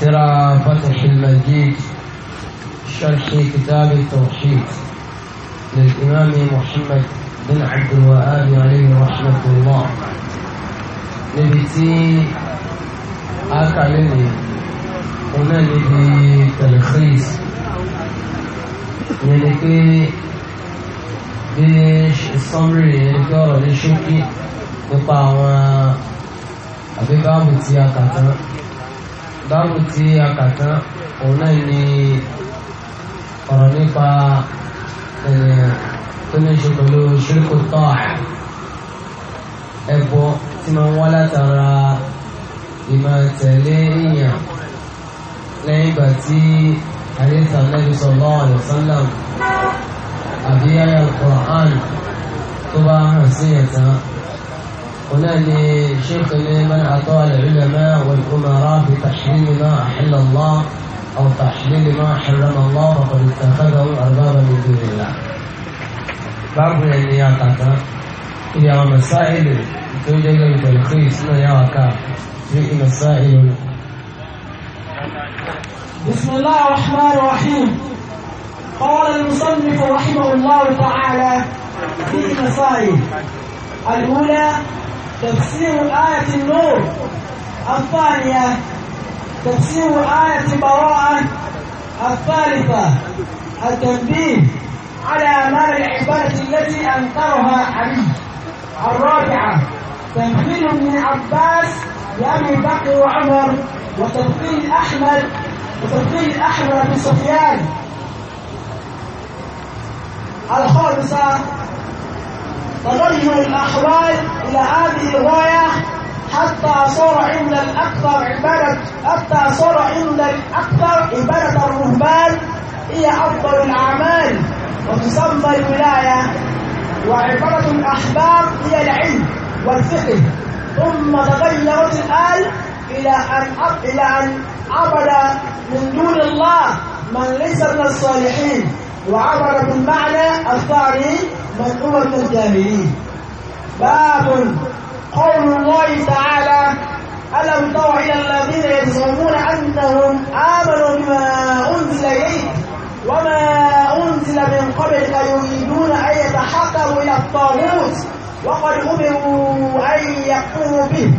ترى فتح المجيد شرح كتاب التوحيد للإمام محمد بن عبد الوهاب عليه رحمة الله لبيتي أكا لني هنا لبي تلخيص يلكي بيش السمري يلكي ليشوكي نطاوا أبي قام بتياتاتا báàbù tí a kà tán òun náà ni ọ̀rọ̀ nípa tó ní ṣe pẹ̀lú ṣíríkù tọ́à ẹ̀bọ tí máa ń wá látara ìmọ̀ tẹ̀lé èèyàn lẹ́yìn ìgbà tí àdéhùn Ànábì sallallahu alaihi wasallam àbí àyà Kùránì tó bá hàn sí ẹ̀tàn. هنا لشيخ من أعطى العلماء والأمراء في تحليل ما أحل الله أو تحليل ما حرم الله فقد اتخذه أربابا من دون الله بعض النيات يا مسائل توجد تلخيص يا نياك في مسائل بسم الله الرحمن الرحيم قال المصنف رحمه الله تعالى في مسائل الأولى تفسير آية النور الثانية تفسير آية براءة الثالثة التنبيه على أعمال العبادة التي أنكرها علي الرابعة تمثيل ابن عباس لأبي بكر وعمر وتمثيل أحمد وتمثيل أحمد بن سفيان الخامسة وضموا الأحوال إلى هذه الغاية حتى صار عند الأكثر عبادة حتى صار عند الأكثر عبادة الرهبان هي أفضل الأعمال وتسمى الولاية وعبادة الأحباب هي العلم والفقه ثم تغيرت الآن إلى أن إلى أن عبد من دون الله من ليس من الصالحين وعبر بالمعنى الثاني من أمة الجاهلين باب قول الله تعالى ألم تر إلى الذين يزعمون أنهم آمنوا بما أنزل إليك وما أنزل من قبل يريدون أن يتحكموا إلى الطاغوت وقد أمروا أن يكفروا به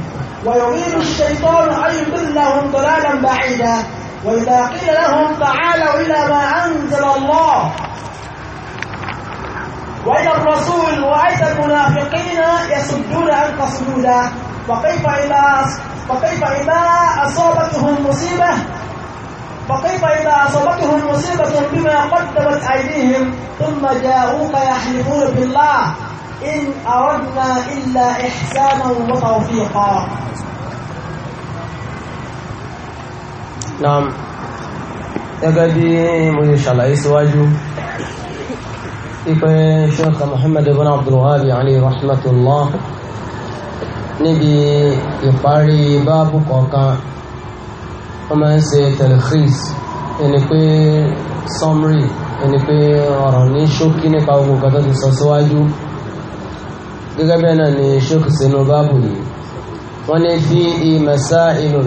ويريد الشيطان أن يضلهم ضلالا بعيدا وإذا قيل لهم تعالوا إلى ما أنزل الله وإلى الرسول وأيت المنافقين يسدون عنك صدودا فكيف إذا فكيف إذا أصابتهم مصيبة فكيف إذا أصابتهم مصيبة بما قدمت أيديهم ثم جاءوك يحلفون بالله إن أردنا إلا إحسانا وتوفيقا Naam gẹ́gẹ́ bí mo ṣe ṣàlàyé síwájú ipe Sheikh Muhammad ibn Abdul Wahhab alayhi rahmatullah níbi ìparí báàbù kọ̀ọ̀kan wọ́n máa ń ṣe telkhis ẹni pé summary ẹni pé ọ̀rọ̀ ní ṣókí nípa ogun kan tó ti sọ síwájú gẹ́gẹ́ bẹ́ẹ̀ náà ni ṣókí sínú báàbù yìí wọ́n ní fi ìmẹ̀sá ìlú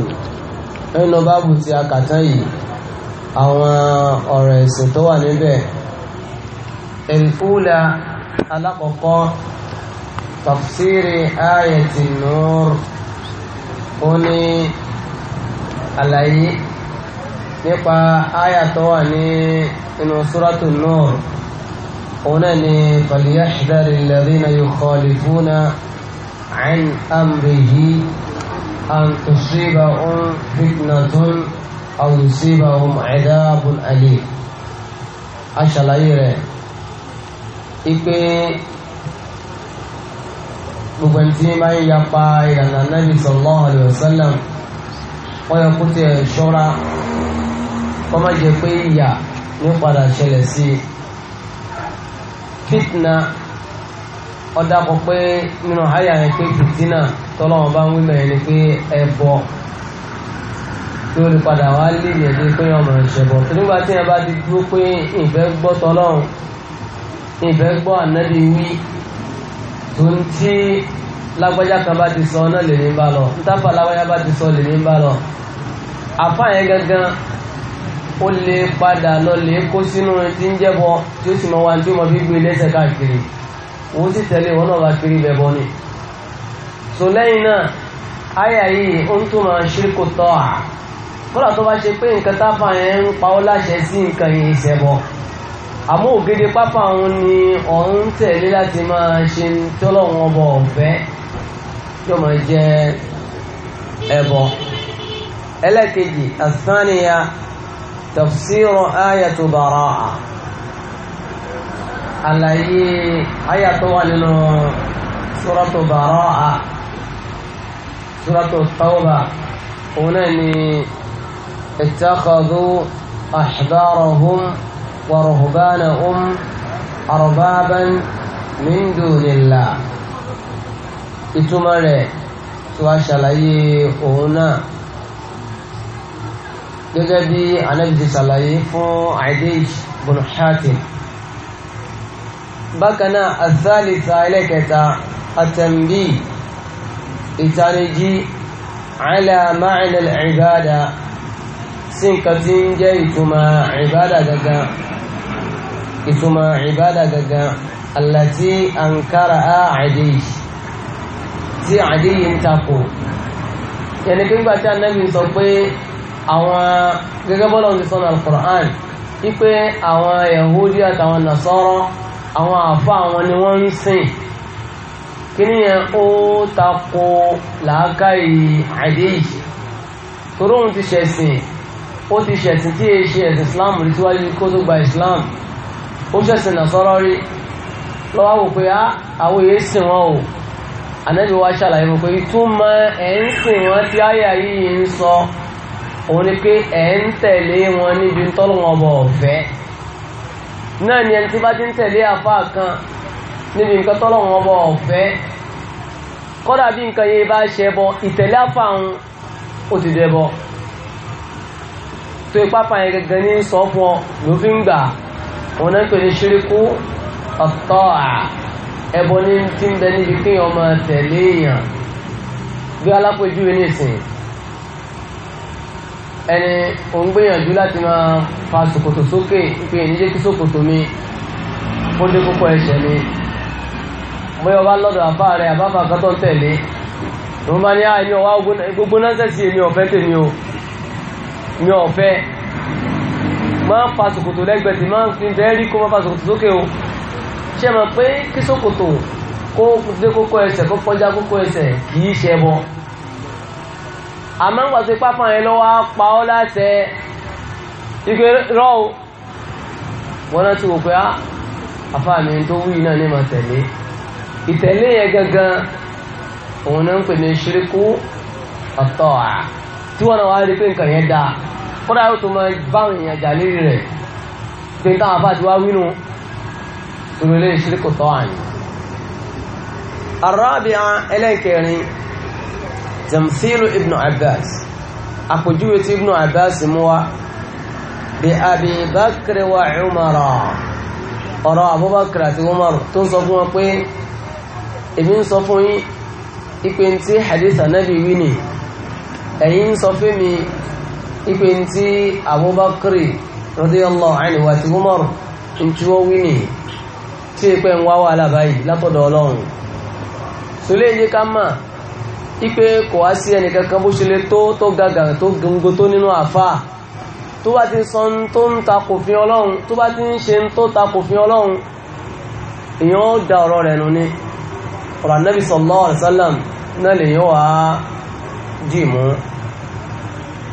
nínú báàbù tí a kà tán yìí àwọn ọ̀rọ̀ ẹ̀sìn tó wà níbẹ̀ ìfúlà alákọ̀ọ́kọ́ tafsiri ayati nur ó ní àlàyé nípa àyà tó wà ní inú súrátù nur òun náà ni falyahdhari alladhina yukhalifuna an amrihi. أن تصيبهم فتنة أو يصيبهم عذاب أليم aṣàlàyé rẹ̀ ipe gbogbo ẹni tí bá ń yapa ìlànà nàbì sallallahu alaihi wasallam wọ́n yẹ kó tẹ̀ ṣọ́ra kọ́ má jẹ pé ìyà ní padà ṣẹlẹ̀ sí i fitna ọ̀dà kọ pé nínú àyà yẹn pé fìtínà tọ́lọ́wọ́n bá ń wí mẹ́rin ni pé ẹbọ tí ó lè padà wá lè yẹ̀ dé pé ọmọ ìṣẹ̀bọ tó nígbà tí ẹ bá ti dúró pé ìfẹ́ gbọ́ tọ́lọ́run ìfẹ́ gbọ́ ànádi wí tó ń tí lágbájá kan bá ti sọ náà lèmi bá lọ ntáfà lágbájá bá ti sọ lèmi bá lọ àfáàyẹ gangan ó lè padà lọ lè kó sínú tí ń jẹ́bọ tí ó sì mọ wa tí ó mọ fi gbé lẹ́sẹ̀ káàkiri òun sì tẹ̀lé ìwọ náà bá kiri bẹ̀ bọ́ ni so lẹ́yìn náà àyà yìí ó ń tó máa ṣíríkù tọ́ à kódà tó bá ṣe pé nǹkan táfà yẹn ń pa ọ́ láṣẹ sí nǹkan yìí ìṣẹ̀bọ̀ àmọ́ ògede pápá òun ni òun tẹ̀lé láti máa ṣe tọ́lọ́wọ́n ọbọ̀ ọ̀fẹ́ tí ó máa jẹ ẹbọ ẹlẹ́kejì àsániya tafsiru ayatu baraa àlàyé ayatu wà nínú suratu baraa suratu Tawbah òun náà ni ittakhadhu ahbarahum wa ruhbanahum arbaban min dunillah ìtumọ̀ rẹ̀ tí wàá ṣàlàyé òun náà gẹ́gẹ́ bí anábìtì ṣàlàyé fún Adij bin Hatim bákan náà athalitha ẹlẹ́kẹta at ìtanijí ala ma'na al-ibada sí nǹkan tí ń jẹ́ ìtumọ̀ ìbádà gangan ìtumọ̀ ìbádà gangan allati ankara a Adi tí Adi yìí ń takò yẹni pé nígbà tí anábì sọ pé àwọn gẹ́gẹ́ bọ́lá ti sọ́nà al-Qur'an àwọn Yahudi àtàwọn Nasara àwọn àfa àwọn ni wọ́n ń sìn kíní yẹn ó takò làákàyè àdéyì torí òun ti ṣẹ̀sìn ó ti ṣẹ̀sìn tí èyí ṣe ẹ̀sìn islam rí tíwájú kó tó gba islam ó ṣẹ̀sìn nàṣọ́rọ́ rí lọ́wọ́ wò pé àwọn èyí sìn wọ́n o ànábì wa ṣàlàyé wò pé ìtumọ̀ ẹ̀ ń sìn wọ́n tí àyà yìí ń sọ òun ni pé ẹ̀ ń tẹ̀lé wọn níbi tọ́lọ́wọ́n ọbọ̀ ọ̀fẹ́ náà ni ẹni tí bá ti ń tẹ̀lé àfáà kan níbi nǹkan tọ́lọ́wọ́n ọbọ̀ ọ̀fẹ́ kọ́dà bí nǹkan yẹ bá ṣe bọ ìtẹ̀lé àfààhùn ó ti dẹbọ tó ipá fa yẹn gẹ́gẹ́ ní sọ fún ọ ló fi ń gbà wọn náà ń pè ní ṣíríkú ọ̀tọ́ à ẹbọ ní ti ń bẹ níbi kí ọmọ tẹ̀lé èèyàn bí alápèjúwe nìsín ẹni ò ń gbìyànjú láti máa fa ṣòkòtò sókè ìpè ìníjẹ́ kí ṣòkòtò mi ó dé púpọ̀ ẹ̀ṣẹ̀ mi bóyá ọba lọ́dọ̀ àbá rẹ̀ àbáfà kan tó ń tẹ̀lé òun bá ní à ní ọwá gbogbo náà sẹ́sì èmi ọ̀fẹ́ tèmi o mi ọ̀fẹ́ máa ń fa sòkòtò lẹ́gbẹ̀ẹ́ tí máa ń fi bẹ́ẹ̀ rí kó máa fa sòkòtò sókè o ṣe mọ̀ pé kí sòkòtò kó dé kókó ẹsẹ̀ kó kọjá kókó ẹsẹ̀ kì í ṣe bọ́ àmọ́ ń pàṣẹ pápá yẹn lọ́wọ́ á pa ọ́ láti ike rọ́ o wọ́n náà wò pé àfáà mi tó wí náà ní màá tẹ̀lé ìtẹ̀lé yẹn gangan òun náà ń pè ní ṣíríkú ọ̀tọ̀ à tí wọ́n náà wá rí pé nǹkan yẹn dáa kódà yóò tó máa bá àwọn èèyàn jà lérí rẹ̀ pé táwọn afá ti wá wínú ìrọ̀lẹ́ ṣíríkú tọ́ àní. arábìá ẹlẹ́kẹrin zamsiru ibnu abbas àpòjúwe tí ibnu abbas mú wa bí abi wa umara ọ̀rọ̀ abubakar àti umar tó ń sọ fún wọn pé èmi ń sọ fún yín ipe tí hadith anabi wí ni ẹ̀yin ń sọ fún mi ipe tí abubakari radiyallahu anhu wa ti umar ń tí wọ́n wí ni tí ipe ń wá wàhálà báyìí látọ̀dọ̀ ọlọ́run sọlẹ́ yìí ká mà ipe kò wá sí ẹnìkankan bó ṣe lè tó tó gàgà tó gbogbo tó nínú àfáà tó bá ti sọ tó ń takò fi ọlọ́run tó bá ti ń ṣe tó takò fi ọlọ́run èèyàn ó da ọ̀rọ̀ rẹ̀ nù ni ọ̀rọ̀ anábì sallallahu alaihi wasallam náà lè yíò wá dì mú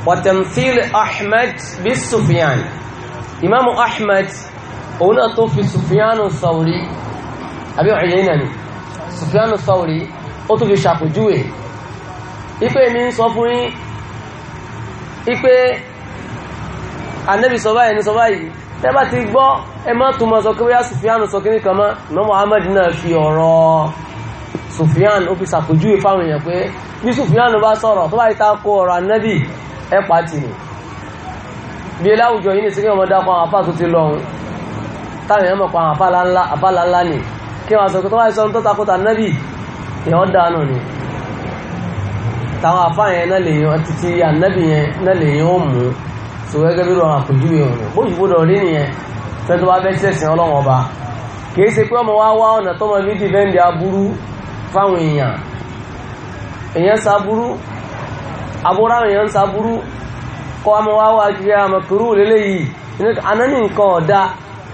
wàtẹ̀mfíl ahmed bí sufyan imamu ahmed òun náà tó fi sufyanu sauri àbí ọ̀rẹ́ náà ni sufyanu sauri ó tó fi ṣàpèjúwe ipe mi ń sọ fún yín ipe anábì sọ báyìí ní sọ báyìí tẹ́bà ti gbọ́ ẹ má túnmọ̀ sọ kí wíyá sufyanu sọ kí ní kan mọ́ Muhammad náà fi ọ̀rọ̀ Sufyan ó fi sàpèjúwe fáwọn èèyàn pé bí Sufyan bá sọ̀rọ̀ tó bá yìí ta kó ọ̀rọ̀ anábì ẹ̀ pàtì ni bí ilé àwùjọ yìí ní sí kí wọ́n dákọ̀ àwọn afá tó ti lọ ọ̀hún táwọn èèyàn mọ̀ pa àwọn afá ńláńlá ni kí wọ́n sọ pé tó bá yìí sọ tó takò tà nábì èèyàn dànù ni táwọn afá yẹn náà lè yan títí anábì yẹn náà lè yan mú fáwọn èèyàn èèyàn sáburú abúráwọn èèyàn sáburú kọ́ ọmọ wa wá ju ya mọ̀kúrú lélẹ́yìí anani nǹkan ọ̀dá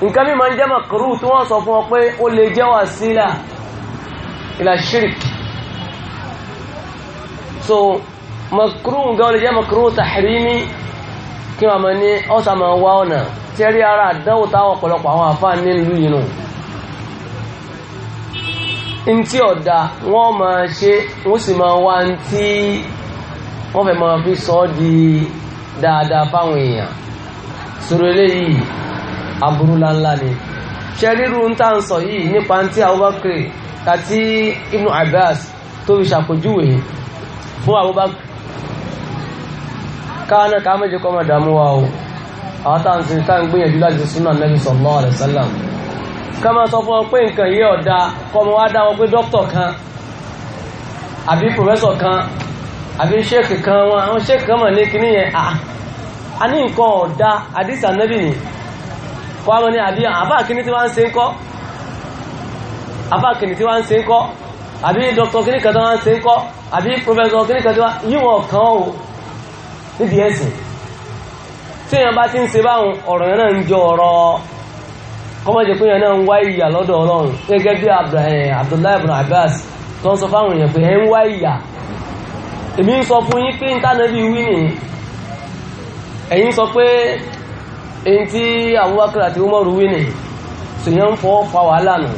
nǹkan mímọ̀ ń jẹ́ mọ̀kúrú tí wọ́n sọ fún ọ pé ó lè jẹ́ wà sílà ìlà ṣírìkì so mọ̀kúrú nǹkan ó lè jẹ́ mọ̀kúrú tàhírímì kí wọ́n mọ̀ ní ọ̀sà mọ̀ wá ọ̀nà tẹ́rí ara àdánwò táwọn ọ̀pọ̀lọpọ̀ àwọn àfáà nílùú yìí nù ntí ọ̀dà wọ́n máa ṣe wọ́n sì máa wá ntí wọ́n fẹ́ máa fi sọ di dáadáa fáwọn èèyàn sọ̀rọ̀ eléyìí aburú ńláńlá ni ṣe ríru ń tà ń sọ yìí nípa ntí Abubakar àti Ibn Abbas tó fi ṣàpèjúwe fún Abubakar káánà ká méje kọ́ máa dààmú wa o àwọn táwọn sì ń gbìyànjú láti sunna Nabi sallallahu alaihi Kama máa sọ fún ọ pé nǹkan yìí ọ̀dà kọmọ wá dá wọn pé dókítọ̀ kan àbí pòfẹ́sọ̀ kan àbí ṣéèkì kan wọn àwọn ṣéèkì kan mọ̀ ní kíní yẹn à ah, á ní nǹkan ọ̀dà àdìsá nẹ́bì nì kọ́ àwọn ní àbí àbá kíní tí wọ́n ń ṣe ń kọ́ àbá kíní tí wọ́n ń ṣe ń kọ́ àbí dókítọ̀ kíní kan tí wọ́n ń ṣe kọ́ àbí pòfẹ́sọ̀ kíní kan tí wọ́n yíwọ̀n kan o níbi ẹ̀sìn tí èèyàn bá ti ń ṣe báwọn ọ̀rọ̀ yẹn náà ń jọ ọ̀rọ̀ kọ́mọ̀ jẹ́ pé yẹn náà ń wá ìyà lọ́dọ̀ ọlọ́run gẹ́gẹ́ bí Abdullahi ibn Abbas tó ń sọ fáwọn èèyàn pé ẹ ń wá ìyà èmi ń sọ fún yín pé ntánàbí wí nìyí ẹ̀yin sọ pé èyí tí Abubakar àti Umar wí nìyí sèyàn ń fọwọ́ fa wàhálà nù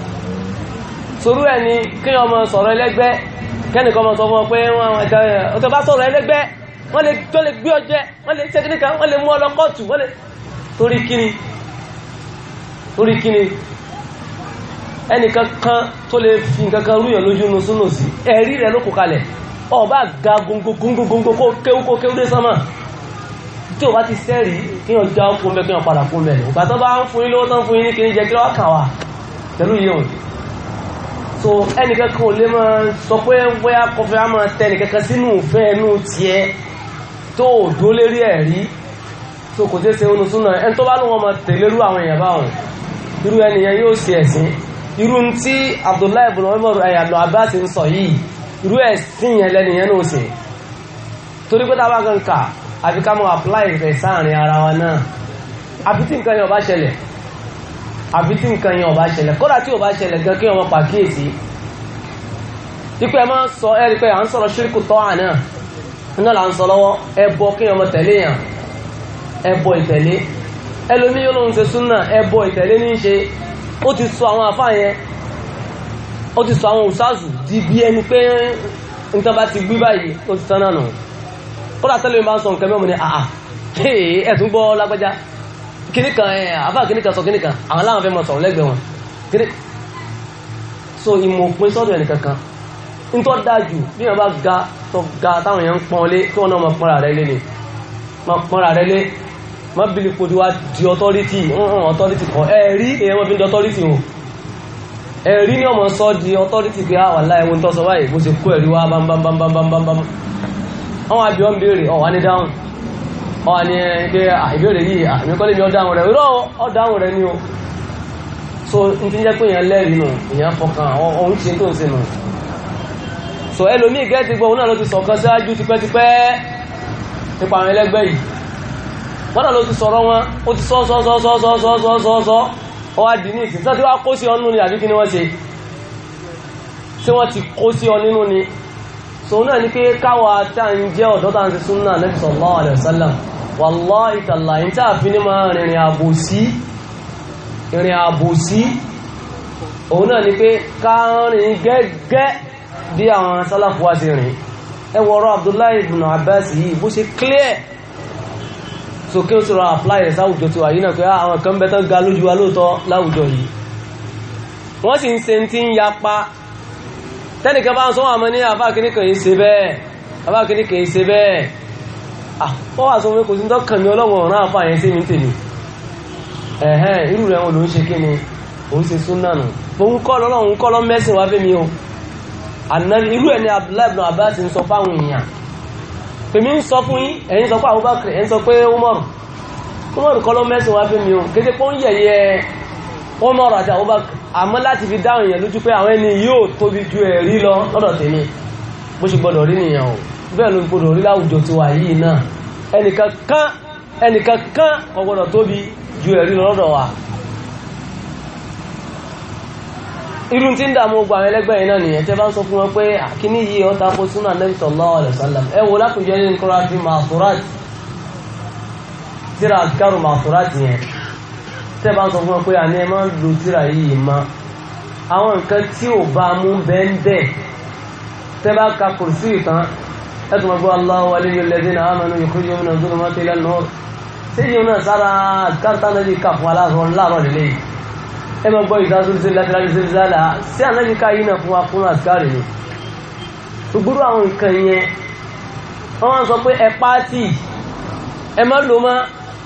sorú ẹ̀ ni kéèyàn ọmọ sọ̀rọ̀ ẹlẹ́gbẹ́ kẹ́nìkan ọmọ sọ fún ọ pé ọ̀tẹ̀ bá sọ̀rọ̀ ẹlẹ́gbẹ́ wọ́n lè gbé ọjẹ́ wọ́n lè ṣe kíníkan wọ́n lè mú ọ wọ́n lè torí kíni torí kí ni ẹnìkankan tó lè fi nǹkankan rúyàn lójú nu súnù sí ẹ̀rí rẹ̀ ló kò kalẹ̀ ọba ga gongogongogongo kó kéwú kó kéwú dé sánmà tí o bá ti sẹ́rí kí wọ́n já fún bẹ́ẹ̀ kí wọ́n padà fún bẹ́ẹ̀ ìgbà tó bá ń fún yín lówó tó ń fún yín ní kí ní jẹ́ kí wọ́n kà wá pẹ̀lú yìí òun so ẹnìkankan ò lè máa sọ pé bóyá kọfẹ́ á máa tẹ ẹnìkankan sínú ìfẹ́ ẹnu tiẹ̀ tó o dó lérí ẹ̀rí so kò tẹ́ ṣe onusúnà ẹni tó bá lóun ọmọ tẹ̀lérú àwọn irú ẹnìyẹn yóò ṣe ẹ̀sìn irú tí Abdullahi ibn Umar ẹ̀yàlọ́ Abbas ń sọ yìí irú ẹ̀sìn yẹn lẹ́nìyẹn náà ṣe torí pé táwa kan kà àfi ká mọ apply rẹ̀ sáàrin ara wa náà àfi tí nǹkan yẹn ó bá ṣẹlẹ̀ àfi tí nǹkan yẹn ó bá ṣẹlẹ̀ kódà tí ó bá ṣẹlẹ̀ gan kí ọmọ pàkíyèsí ipe ẹ máa sọ ẹ rí pé à ń sọ̀rọ̀ ṣíríkù tọ́ àná náà là ń sọ lọ́wọ́ ẹbọ kí ọmọ tẹ̀lé yàn ẹbọ ìtẹ̀lé ẹlòmí yóò lóun ṣe súnà ẹbọ ìtẹ̀lé ní ṣe ó ti sọ àwọn àfáà yẹn ó ti sọ àwọn òṣàzù di bí ẹni pé nǹkan bá ti gbí báyìí ó ti tán náà nù kódà tẹ́lẹ̀ bá ń sọ nǹkan mẹ́mọ́ ni àà ẹ̀tún gbọ́ lágbájá kíníkan ẹ̀ àbá kíníkan sọ kíníkan àwọn aláwọn fẹ́ mọ̀ sọ̀rọ̀ lẹ́gbẹ̀ẹ́ wọn so ìmọ̀ òpin sọ́dọ̀ ẹnì kankan ń dáa jù bí wọn bá ga tó ga táwọn èèyàn ń pọ́n lé kí wọn náà máa pọ́nra rẹ lé ni máa pọ́nra rẹ lé má bìlì kò tí wá di ọtọ́rítì ọtọ́rítì kan ẹ̀rí èyàn mọ́ fi ń di ọtọ́rítì o ẹ̀rí ni ọmọ sọ di ọtọ́rítì pé àwọn aláìwọ̀n tó sọ báyìí bó ṣe kó ẹ̀rí wá bam àwọn àbí wọn béèrè ọ̀wá ní dáhùn ọ̀wá ní pé ah, ìbéèrè yìí àmì ah, kọ́lé mi ọ dáhùn rẹ̀ irọ́ dáhùn ni o so n ti jẹ́ pé èèyàn lẹ́rìí nù èèyàn fọkàn ọ̀hún ṣe tó ń ṣe nù so ẹlòmíì gẹ́ẹ̀tì gbọ́ òun náà ló ti sọ̀kan síwájú tipẹ́tipẹ́ nípa wọ́n náà ló ti sọ̀rọ̀ wọn ó ti sọ́ sọ́ sọ́ sọ́ sọ́ sọ́ sọ́ sọ́ sọ́ ọ wá dì ní ìsìn tí wọ́n kó sí ọ nínú ni àbí kí ni wọ́n ṣe tí wọ́n ti kó sí ọ nínú ni so náà ni pé káwa tá ń jẹ́ ọ̀dọ́ tá ń ti súnmọ́ ànábì sallallahu alaihi wasallam wallahi tallahi tí a fi ní máa rìnrìn àbò sí ìrìn àbò sí òun náà ni pé ká rìn gẹ́gẹ́ bí àwọn sálàfù wá sí rìn ẹ wọ̀rọ̀ Abdullahi ibn Abbas yìí bó ṣe clear so kí o ti rọra apply rẹ̀ sáwùjọ tiwa yìí náà pé ah, àwọn kan bẹ ga lójú wa lóòótọ́ láwùjọ yìí wọ́n sì ń ti ń yapa tẹ́nìkan bá ń sọ́wọ́n ní kan yìí ṣe bẹ́ẹ̀ àfáàkíní kan yìí ṣe bẹ́ẹ̀ àpọ́ àti omi kò sí tó kàn mí ọlọ́wọ̀n ọ̀rán àfà yẹn sí mi tèmi ẹ̀hẹ́n irú rẹ̀ wọn ló ń ṣe kí ni o àná irú ẹ̀ ni Abdullahi sọ fáwọn èmi ń sọ fún yín ẹ̀yin sọ pé Abubakar ẹ̀yin sọ pé Umar Umar kọ́ ló mẹ́sìn wá fún mi o kété pé ó ń yẹ̀yẹ́ Umar àti Abubakar àmọ́ láti fi dáhùn yẹn lójú pé àwọn ẹni yóò tóbi ju ẹ̀rí lọ lọ́dọ̀ tèmi bó ṣe gbọ́dọ̀ rí nìyẹn o bẹ́ẹ̀ ló gbọ́dọ̀ rí láwùjọ tiwa yìí náà ẹnìkan kan ẹnìkan kan kò gbọ́dọ̀ tóbi ju ẹ̀rí lọ lọ́dọ̀ wa irú tí ń dààmú ogun àwọn ẹlẹgbẹ́ yìí náà nìyẹn tẹ́ bá ń sọ fún wọn pé àkíní yìí ọ̀tá kó súnà Nabi sallallahu alaihi wasallam ẹ wo lápèjọ ní nǹkan rábí màfúrát tíra àkàrò màfúrát yẹn tẹ́ bá ń sọ fún wọn pé àní ẹ máa ń lo tíra yìí ma àwọn nǹkan tí ò bá mú bẹ́ẹ̀ bẹ́ẹ̀ tẹ́ bá ka kùrùsì ìtàn ẹ tún máa gbọ́ Allahu waliyul ladina amanu yukhrijuhum minaz zulumati ilan nur ẹ máa gbọ́ ìdásúlùsí látíláàrí sílùsálà sí ànájíká yìí náà fún wa fún àṣkárì ni ṣùgbúrú àwọn nǹkan yẹn wọ́n sọ pé ẹ pàtì ẹ má lò má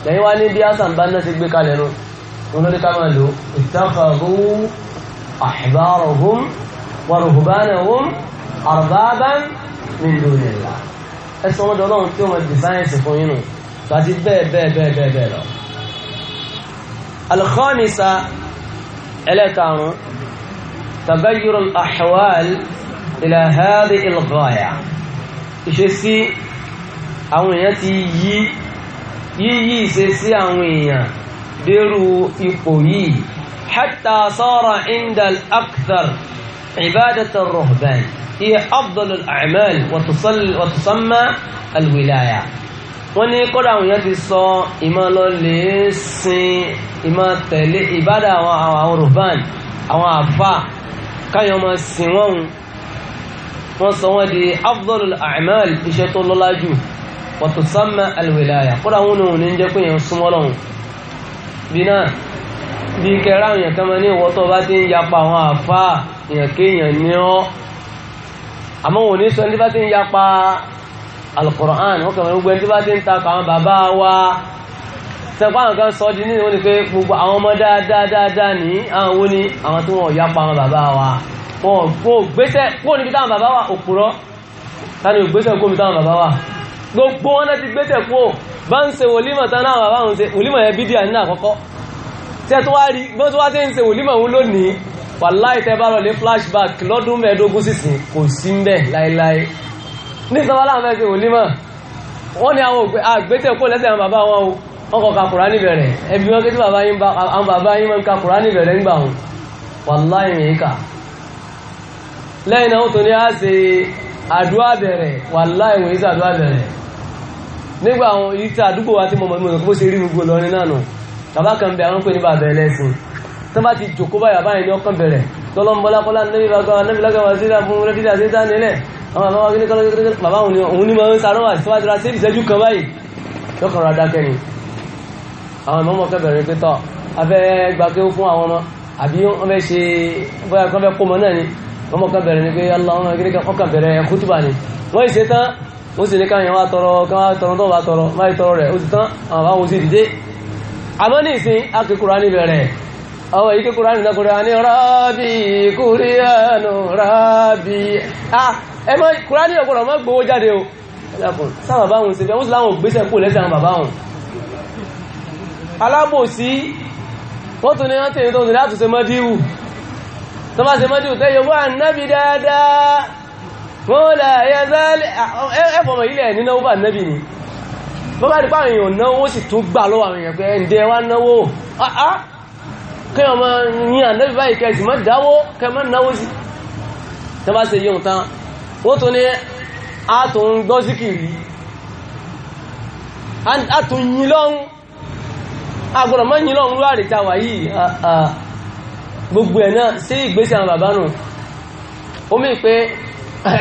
lẹ́yìn wá ní bí asan bá náà ti gbé kalẹ̀ nu wọn lórí ká máa lò ìtàkàrú ahbarahum wa ruhbanahum الا تعلم تغير الاحوال الى هذه الغايه شيسي اوان ياتي يي يي سيسي اوان ديرو يبوي حتى صار عند الاكثر عباده الرهبان هي افضل الاعمال وتصل وتسمى الولايه wọ́n ní kọ́dà àwọn èèyàn ti sọ ìmọ̀ lọ lè sin ìmọ̀ tẹ̀lé ìbádà àwọn àwọn rùbán àwọn àfà káyọ̀ máa sìn wọ́n wọ́n sọ wọ́n di afdalul a'mal iṣẹ́ tó lọ́lá jù wa tusamma al-wilaya kọ́dà àwọn òun ní jẹ́ pé èèyàn súnmọ́ lọ́hùn bí náà bí kẹrẹ àwọn èèyàn kan máa ní ìwọ́tọ̀ bá ti ń yapa àwọn àfà èèyàn kéèyàn ní ọ́ àmọ́ òun ní sọ alukur'an wọ́n kẹwàá gbogbo ẹni tí bá ti ń takọ̀ àwọn bàbá wa sẹ́kọ̀ àwọn kan sọ́ ní ìwọ́n ni pé gbogbo àwọn ọmọ dáadáa ní àwọn wo ni àwọn tí wọ́n yapa àwọn bàbá wa wọn kó gbésẹ̀ kó níbi táwọn bàbá wa òpùrọ́ tani ògbésẹ̀ kó níbi táwọn wa gbogbo wọn náà ti gbésẹ̀ kó bá ń ṣe wòlímọ̀ tán náà bàbá wọn ṣe wòlímọ̀ yẹn bídíà nínú àkọ́kọ́ tẹ́ tó wá rí ní flashback lọ́dún mẹ́ẹ̀ẹ́dógún sísìn kò sí ń bẹ̀ láéláé ní sọ́wọ́ láwọn fẹ́ ṣe wòlímọ̀ wọ́n ní àwọn àgbẹ́tẹ̀ kó lẹ́sẹ̀ àwọn bàbá wọn wọn kọ kakura níbẹ̀rẹ̀ ẹbí wọn kí tí bàbá yín bá àwọn bàbá yín máa ń kakura níbẹ̀rẹ̀ ń gbà wọn wàláì mi kà lẹ́yìn náà wọ́n tó ní á ṣe àdúrà bẹ̀rẹ̀ wàláì wọ́n yìí ṣe àdúrà bẹ̀rẹ̀ nígbà wọn yìí ṣe àdúgbò wa tí mo mọ̀ ní mo sọ pé ó ṣe rí gbogbo lọ́rin náà nù bàbá kan bẹ àwọn pè ní bàbá ẹlẹ́sìn tó bá ti jòkó báyà báyìí ní ọkàn bẹ̀rẹ̀ tọ́lọ́mbọ́lápọ́lá níbi bàgbà níbi lágbàwà sí ìlà fún rẹ́bílà sí ìta nílẹ̀ àwọn àbáwá kí ní kọ́lọ́ kí ní bàbá òun ni òun ní máa ń sarọ́ wà tó bá ti ra sí ìṣẹ́jú kan báyìí lọ́kàn rà dákẹ́ ni àwọn ìmọ̀mọ́ kẹbẹ̀rẹ̀ pé tọ́ afẹ́ gbàgbé fún àwọn ọmọ àbí wọ́n fẹ́ ṣe bóyá kan fẹ́ kó mọ náà ni ọmọ kẹbẹ̀rẹ̀ àwọn èyí kékeré àrùn ìdákùnrin àní rábì kúrí àánú rábì ẹ mọ́ kúránì ọ̀gbọ̀nà mọ́ gbowó jáde o ẹlẹ́kùn sáà bàbá òun ṣe fẹ́ wọ́n sì láwọn ògbésẹ̀ kú lẹ́sẹ̀ àwọn bàbá òun alábòsí wọ́n tún ní wọ́n tẹ̀yìn tó ń tẹ̀lé àtúnṣe mọ́díwù tó bá ṣe mọ́díwù tẹ́yẹ wọ́n ànábì dáadáa wọ́n lẹ̀ ẹ̀yẹ zẹ́lẹ̀ ẹ̀fọ̀mọ̀ ilẹ̀ nínáwó bá ànábì ni bọ́ bá dípá àwọn èèyàn náwó sì tún gbà lọ́wọ́ àwọn èèyàn pé ẹ̀ ń dẹ́ wá náwó kí wọ́n máa yin ànábì báyìí kẹ́sì mọ́ dáwó kẹ́ mọ́ náwó sí tó bá ṣe yóò tán ó tún ní àtún gbọ́ síkìrì àtún yin lọ́hún agbọ́dọ̀ mọ́ yin lọ́hún láàrè ta wà yìí gbogbo ẹ̀ náà sí ìgbésẹ̀ àwọn bàbá nù ó mì pé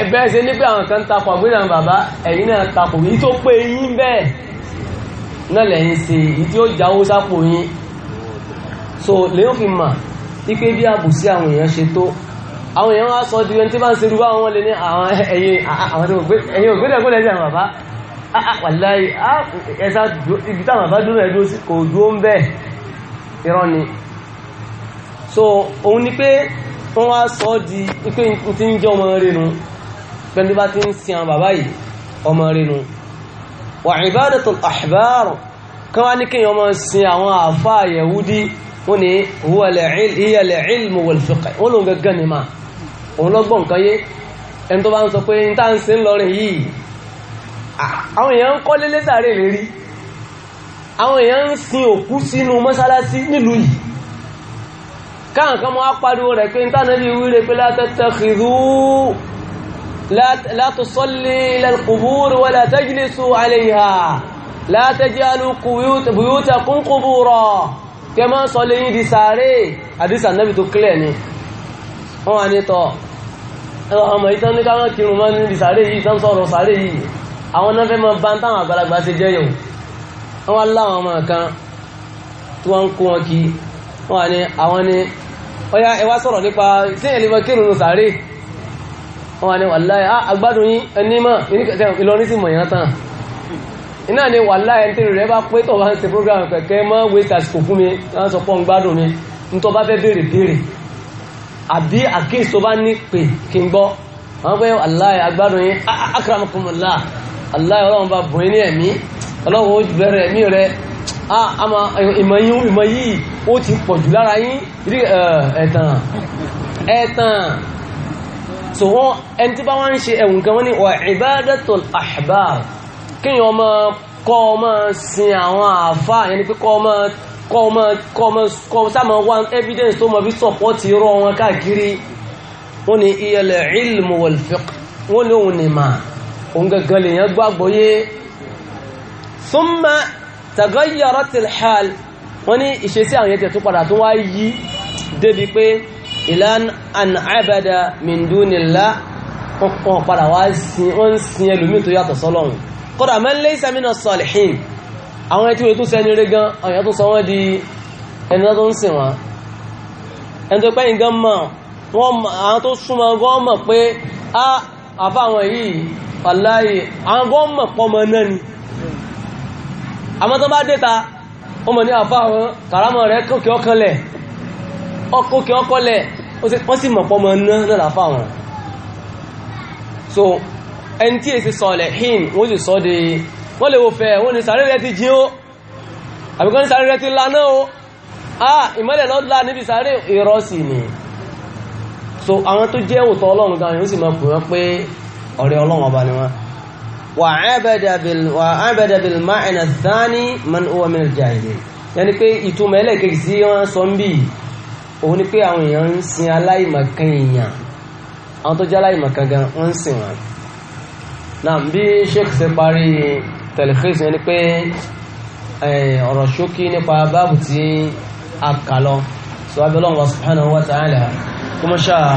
ẹ̀bẹ́ ṣe ní pé àwọn so lèyìn fi mà ipe bí àbùsí àwọn èèyàn ṣe tó àwọn èèyàn wá sọ di ẹni tí bá ń ṣe irú àwọn lè ní àwọn ẹ̀yìn àwọn ẹ̀yìn ògbédègbélé sí àwọn bàbá wàláì ẹ̀sà ibi táwọn bàbá dúró ẹ̀dúró sí kò dúró ń bẹ́ẹ̀ irọ́ ni so òun ni pé wọ́n wá sọ di pé n ti ń jẹ́ ọmọ rẹ̀ nu pẹ̀lú bá ti ń sin àwọn bàbá yìí ọmọ rẹ̀ nu wà ìbádàtul ahbar kan wá ní kéèyàn ọmọ sin àwọn àfáà Yẹhudi wọ́n ní ìyẹlẹ̀ ilmu wọ̀lfẹ́kẹ̀ wọ́n lóun gẹ́gẹ́ ni ma òun lọ́gbọ̀n kan yé ẹni tó bá ń sọ pé n táà ń se ń lọrin yìí àwọn èèyàn ń kọ́lé lẹ́sàárè lérí àwọn èèyàn ń sin òkú sínú mọ́sálásí nílùú yìí káwọn kan máa pariwo rẹ̀ pé n táà náà wíre pé látàtàkìrú látòsọ́lé lẹ́kùbúrú wọlé àtẹ́jìlẹ́sù àlẹ́ látẹ́jì alùkù bùyútà kún kẹ máa ń sọ di sáré àdísà nẹ́bì tó kílẹ̀ ni wọ́n wà ní tọ́ ọmọ ìtàn ní káwọn kírun máa ń di sáré yìí tán sọ̀rọ̀ sáré yìí àwọn náà fẹ́ máa bá ń táwọn àgbàlagbà ṣe jẹ́ yòó wọ́n wá láwọn ọmọ kan tí wọ́n ń kó wọn kí wọ́n wà ní àwọn ní ọya ẹ wá sọ̀rọ̀ nípa tí èyàn lè mọ kírun sáré wọ́n wà ní wàláyà agbádùn yín ẹni mọ̀ Ìlọrin sì mọ̀ yẹn tán iná ni wà láyé tí rẹ̀ bá pé tó bá ń ṣe program kẹ̀kẹ́ mọ́ wait àsìkò fún mi wọ́n sọ pọ́n gbádùn mi ní tó bá fẹ́ béèrè béèrè àbí àkíyèsí tó bá ní pè kí n gbọ́ wọ́n pé aláyé agbádùn yín ah, ah, akramakumullah aláyé ọlọ́run bá bùn ní ẹ̀mí ọlọ́run ó bẹ̀rẹ̀ ẹ̀mí rẹ̀ àmà ah, ìmọ̀ yín ìmọ̀ yìí ó ti pọ̀ jù lára yín ẹ̀tàn ẹ̀tàn so wọ́n ẹni tí bá wá ń ṣe ẹ̀wùn kan wọ́n ní wà ibadatul ahbab kéèyàn ọmọ kọ́ ọmọ sin àwọn àáfàá yẹn ni pé kọ́ ọmọ kọ́ ọmọ kọ́ ọmọ kọ́ ọmọ sáàmù wá evidence tó mọ̀ fi sọ̀pọ́tì irọ́ wọn káàkiri wọ́n ní iyẹlẹ̀ ilmu wal fiqh wọ́n ní òun ní mà òun gangan lè yẹn gbàgbọ́ yé thumma tagayyarat al-hal wọ́n ìṣesí àwọn yẹn tẹ̀ tó padà tó wá yí débi pé ìlànà an abada min dunillah wọ́n padà wá sin wọ́n sin ẹlòmíì tó yàtọ̀ sọ́lọ́run kódà man laysa mina salihin àwọn ẹtí wọ́n tó sẹ́ni rẹ̀ gan àwọn tó sọ wọ́n di ẹni tó ń sìn wọn ẹni tó pẹ́yìn gan mọ̀ wọ́n àwọn tó súnmọ́ gan mọ̀ pé á àfa àwọn yìí wàláyé àwọn gan mọ̀ náà náà láfa àwọn so ẹni tí èsì sọ̀lẹ̀ hìn wọ́n sì sọ de wọ́n lè wo fẹ́ wọ́n ni sàárè rẹ ti jí ó àbíkọ́ ni sàárè rẹ ti lana ó a ìmọ́lẹ̀ lọ́ níbi sàárè irọ́ sì ni so àwọn tó jẹ́ òótọ́ ọlọ́run gan yóò sì máa pè wọ́n pé ọ̀rẹ́ ọlọ́run ọba ni wọ́n wà ábẹ́dà bil ma'ina thani man huwa min al-jahilin yẹni pé ìtumọ̀ ẹlẹ́kẹ̀kì sí wọ́n ni pé àwọn èèyàn ń sin aláìmọ̀kan èèyàn àwọn tó jẹ́ aláìmọ̀kan gan wọ́n sìn wọn náà bí sheikh ṣe parí tẹlifíṣì yẹn ni pé ọ̀rọ̀ ṣókí nípa báàbù tí a kà lọ sọ abẹ́lẹ́ Allah subhanahu wa ta'ala kó mọ́ ṣáà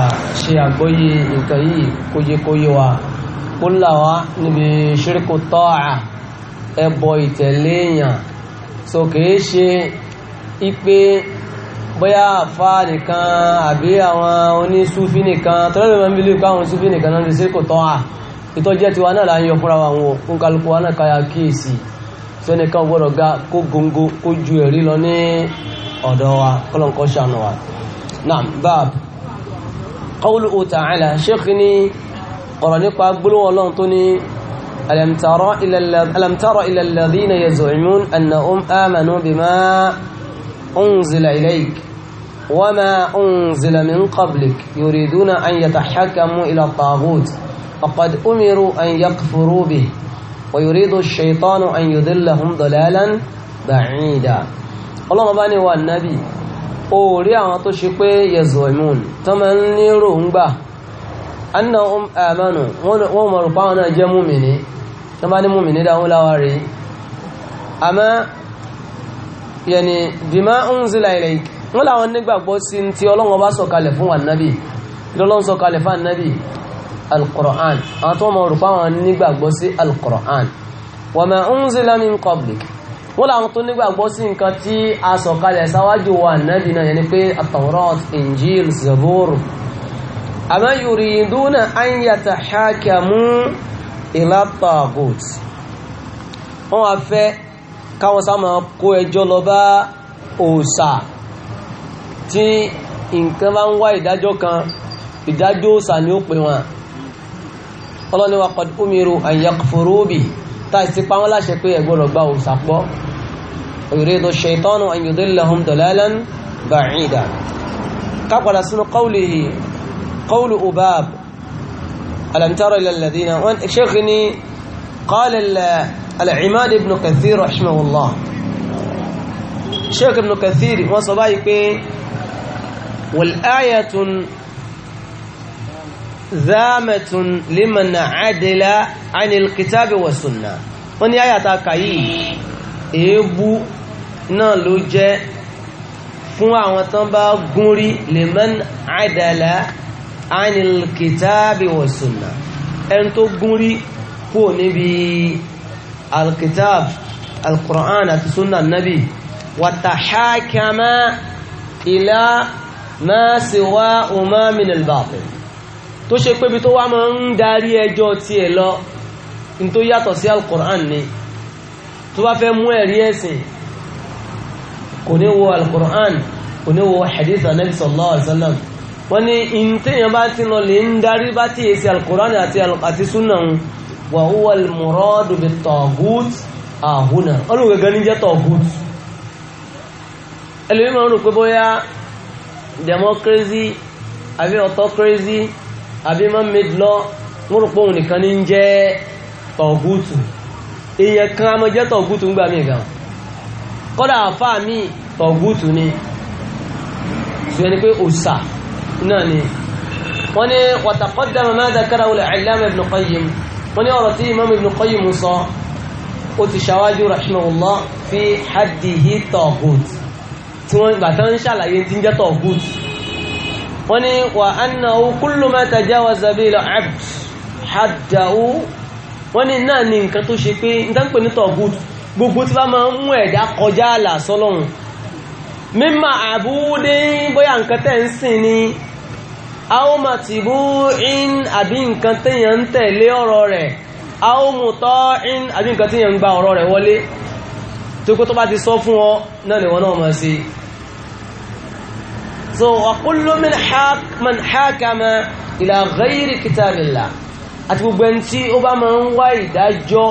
ṣe àgbọ́yé nǹkan yìí kóyékóyé wa kó là wá níbi ṣíríkù tọ́à ẹbọ ìtẹ̀lé èèyàn so kìí ṣe ipe bóyá àfa nìkan àbí àwọn onísúfí nìkan tọ́lọ́dọ̀ mọ́ bí lè kọ́ àwọn onísúfí nìkan náà ní ṣíríkù tọ́à ìtọ́ jẹ́ tiwa náà la ń yọ fúnra wa wọn fún kálukú wa náà káyà kíyèsí sẹ́nìkan gbọ́dọ̀ ga kó góńgó kó ju ẹ̀rí lọ ní ọ̀dọ̀ wa kọ́lọ̀kọ́ ṣàánú wa naam bab qawluhu ta'ala sheikh ni ọ̀rọ̀ nípa gbólóhùn ọlọ́run tó ní alam tara ila alladhina yaz'umun annahum amanu bima unzila ilayk wa ma unzila min qablik yuriduna an yatahakamu ila taghut فقد أمروا أن يكفروا به ويريد الشيطان أن يذلهم ضلالا بعيدا الله باني والنبي أولي أعطوا شقي يزعمون تمني رهنبا أنهم آمنوا وهم رفعنا جمؤمني تمني مؤمني دعوا لواري أما يعني بما أنزل إليك ولا أنك بقبوسين تي الله وباسو كالفون والنبي الله سو كالفان النبي al-Qur'an àwọn tó mọ̀ rúpa wọn nígbàgbọ́ sí al-Qur'an wa ma unzila min qablik wọ́n làwọn tó nígbàgbọ́ sí nǹkan tí a sọ̀kalẹ̀ sáwájú wa nàbì náà yẹni pé at-Tawrat Injil Zabur àmọ́ yuriduna an yatahakamu ila taghut wọ́n wá fẹ́ káwọn sá máa kó ẹjọ́ lọ bá òòṣà tí nǹkan bá ń wá ìdájọ́ kan ìdájọ́ òòṣà ni ó pè wọn ọlọ́ni wa qad umiru an yakfuru bi táà sì pa wọ́n láṣẹ pé ẹ̀gbọ́n ọ̀gbà òòsà pọ̀ yuridu shaytanu an yudillahum dalalan ba'ida kápadà sínú qawlihi qawlu ubab alam tara ila alladhina wọn ṣéèkì ni qala al-imad ibn kathir rahimahullah ibn kathir wọ́n sọ báyìí pé wal zametun liman adila anil kitabi wa sunna wọ́n ní ayata kayi èébú náà ló jẹ́ fún àwọn tán bá gúnrí liman adala anil kitabi wa sunna ẹn tó gúnrí kò níbi alkitab alquran àti sunna nabi wa tahakama ila ma siwa umma min al tó ṣe pé ibi tó wá máa ń darí ẹjọ́ tiẹ̀ lọ ní tó yàtọ̀ sí alukur'an ni tó bá fẹ́ mú ẹ̀rí ẹ̀sìn kò ní wo alukur'an kò ní wo hadith anabi sallallahu alaihi wa sallam wọ́n ní ìntẹ́yàn bá ti lọ lè ń darí bá ti yẹ sí alukur'an àti sunna wa huwa al-muradu bit-taghut àhúnà ọlọ́run gẹ́gẹ́ ní jẹ́ tọ̀gùt ẹlòmí rò pé bóyá democracy àbí autocracy àbí imam midlọ wọ́n rò pé òun nìkan ní ń jẹ́ tọ̀gútù èèyàn kan á mọ jẹ́ tọ̀gútù ń gbà mí gan kọ́dà àfáà mi tọ̀gútù ni sọ ẹni pé òòsà náà ni wọ́n ní wàtàkọ́dàmọ́ máa dákàrà wọlé Allama Ibn Qayyim wọ́n ní ọ̀rọ̀ tí imam Ibn Qayyim sọ ó ti ṣàwájú rahimahullah fi hadihi tọ̀gútù tí wọ́n gbà tán ń ṣàlàyé ti ń jẹ́ tọ̀gútù wọ́n ní wà annahu kullu ma tajawaza bihi al-abd haddahu wọ́n ní náà ní nǹkan tó ṣe pé nǹkan pè ní tọ̀gùd gbogbo tí bá máa ń mú ẹ̀dá kọjá àlà sọ́lọ́run mímọ̀ àbúdé bóyá nǹkan tẹ́ ń sìn ni aoma ti bú in àbí nǹkan téèyàn ń tẹ̀lé ọ̀rọ̀ rẹ̀ aomutọ́ in àbí nǹkan téèyàn ń gba ọ̀rọ̀ rẹ̀ wọlé tó kó tó bá ti sọ fún ọ náà ni wọ́n náà máa ṣe so ọkùnlù man hákàmà ìlà ghayri kitabillah àti gbogbo ẹni tí ó bá máa ń wá ìdájọ́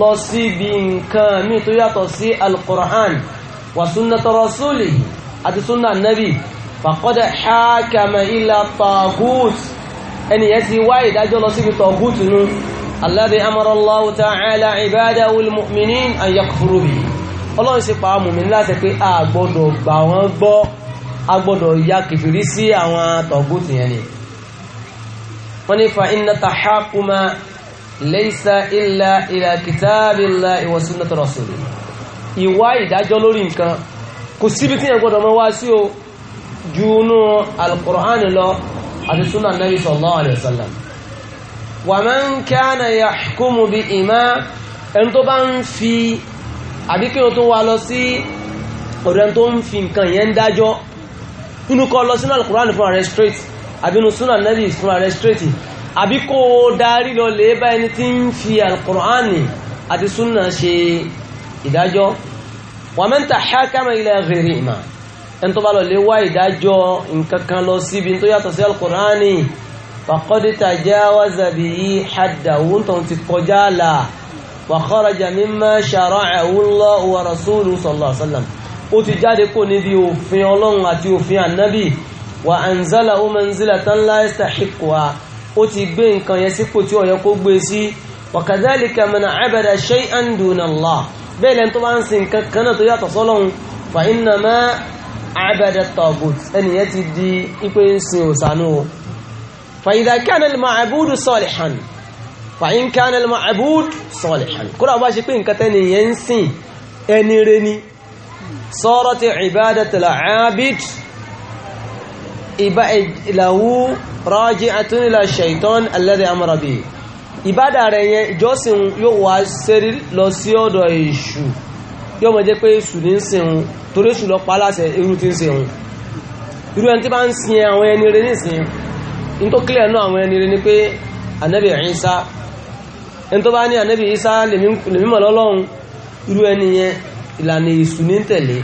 lọ sí ibi nǹkan mi tó yàtọ̀ sí alqur'an wà sunnata rasuli àti sunna nabi faqad hákàmà ìlà taghut ẹni yẹn ti wá ìdájọ́ lọ sí ibi taghut nù alladhi amara Allahu ta'ala ibadahu al-mu'minin an yakfuru bihi ọlọ́run sì pa àwọn láti pé a gbà wọ́n gbọ́ a gbọ́dọ̀ ya kẹfìrí sí àwọn tọ̀gùtù yẹn ni wọ́n ní fa inna tahakuma laysa illa ila kitabillahi wa sunnati rasulih ìwá ìdájọ́ lórí nǹkan kò síbi tí yẹn gbọ́dọ̀ mọ́ wá sí o ju inú al-Qur'an lọ àti sunnah nabi sallallahu alayhi wa sallam wa man kana yahkumu bi ima ẹni tó bá ń fi àbíkí tó wà lọ sí ọ̀rẹ́ tó ń fi nǹkan yẹn dájọ́ nínú kọ́ lọ sínú alukurani fúnra rẹ̀ straight àbí inú sunan nabi fúnra rẹ̀ straight àbí kó o darí lọ lè bá ẹni tí ń fi alukurani àti sunan ṣe ìdájọ́ wàmẹ́ntà hákàmà ila ghayrihima ẹni tó bá lọ lè wá ìdájọ́ nǹkan kan lọ síbi tó yàtọ̀ sí alukurani fàkọ́dé tajáwáza bí i hadda òun tó ti kọjá là wàkọ́rajà mímọ́ shara'a Allahu wa rasuluhu sallallahu alaihi ó ti jáde kó níbi òfin ọlọ́run àti òfin ànábì wà anzala ó manzilatan la yastahiqquha ó ti gbé nǹkan yẹn sípò tí ó yẹ kó gbé sí wa kadhalika man abada shay'an duna Allah bẹ́ẹ̀ lẹ́nu tó bá ń sin nǹkan kan náà tó yàtọ̀ sọ́lọ́run fa innama abada taghut ẹnìyẹn ti di ipe ń sin òsànú o fa idha kana al-ma'budu salihan fa in kana al-ma'budu صارت عبادة العابد له راجعة إلى الشيطان الذي أمر به ìbádà rẹ̀ yẹn ìjọsìn yóò wá sẹ́rí lọ sí ọ̀dọ̀ èṣù yóò mọ̀ jẹ́ pé èṣù ní ń sìn torí èṣù lọ paláṣẹ irú tí ń sìn irú ẹni tí bá ń sin àwọn ẹni rẹ̀ nísìn ní tó kílẹ̀ náà àwọn ẹni rẹ̀ ni pé ànábì Ìsá ẹni tó bá ní ànábì Ìsá lèmi mọ̀ lọ́lọ́run irú ẹni yẹn ìlànà èṣù ní tẹ̀lé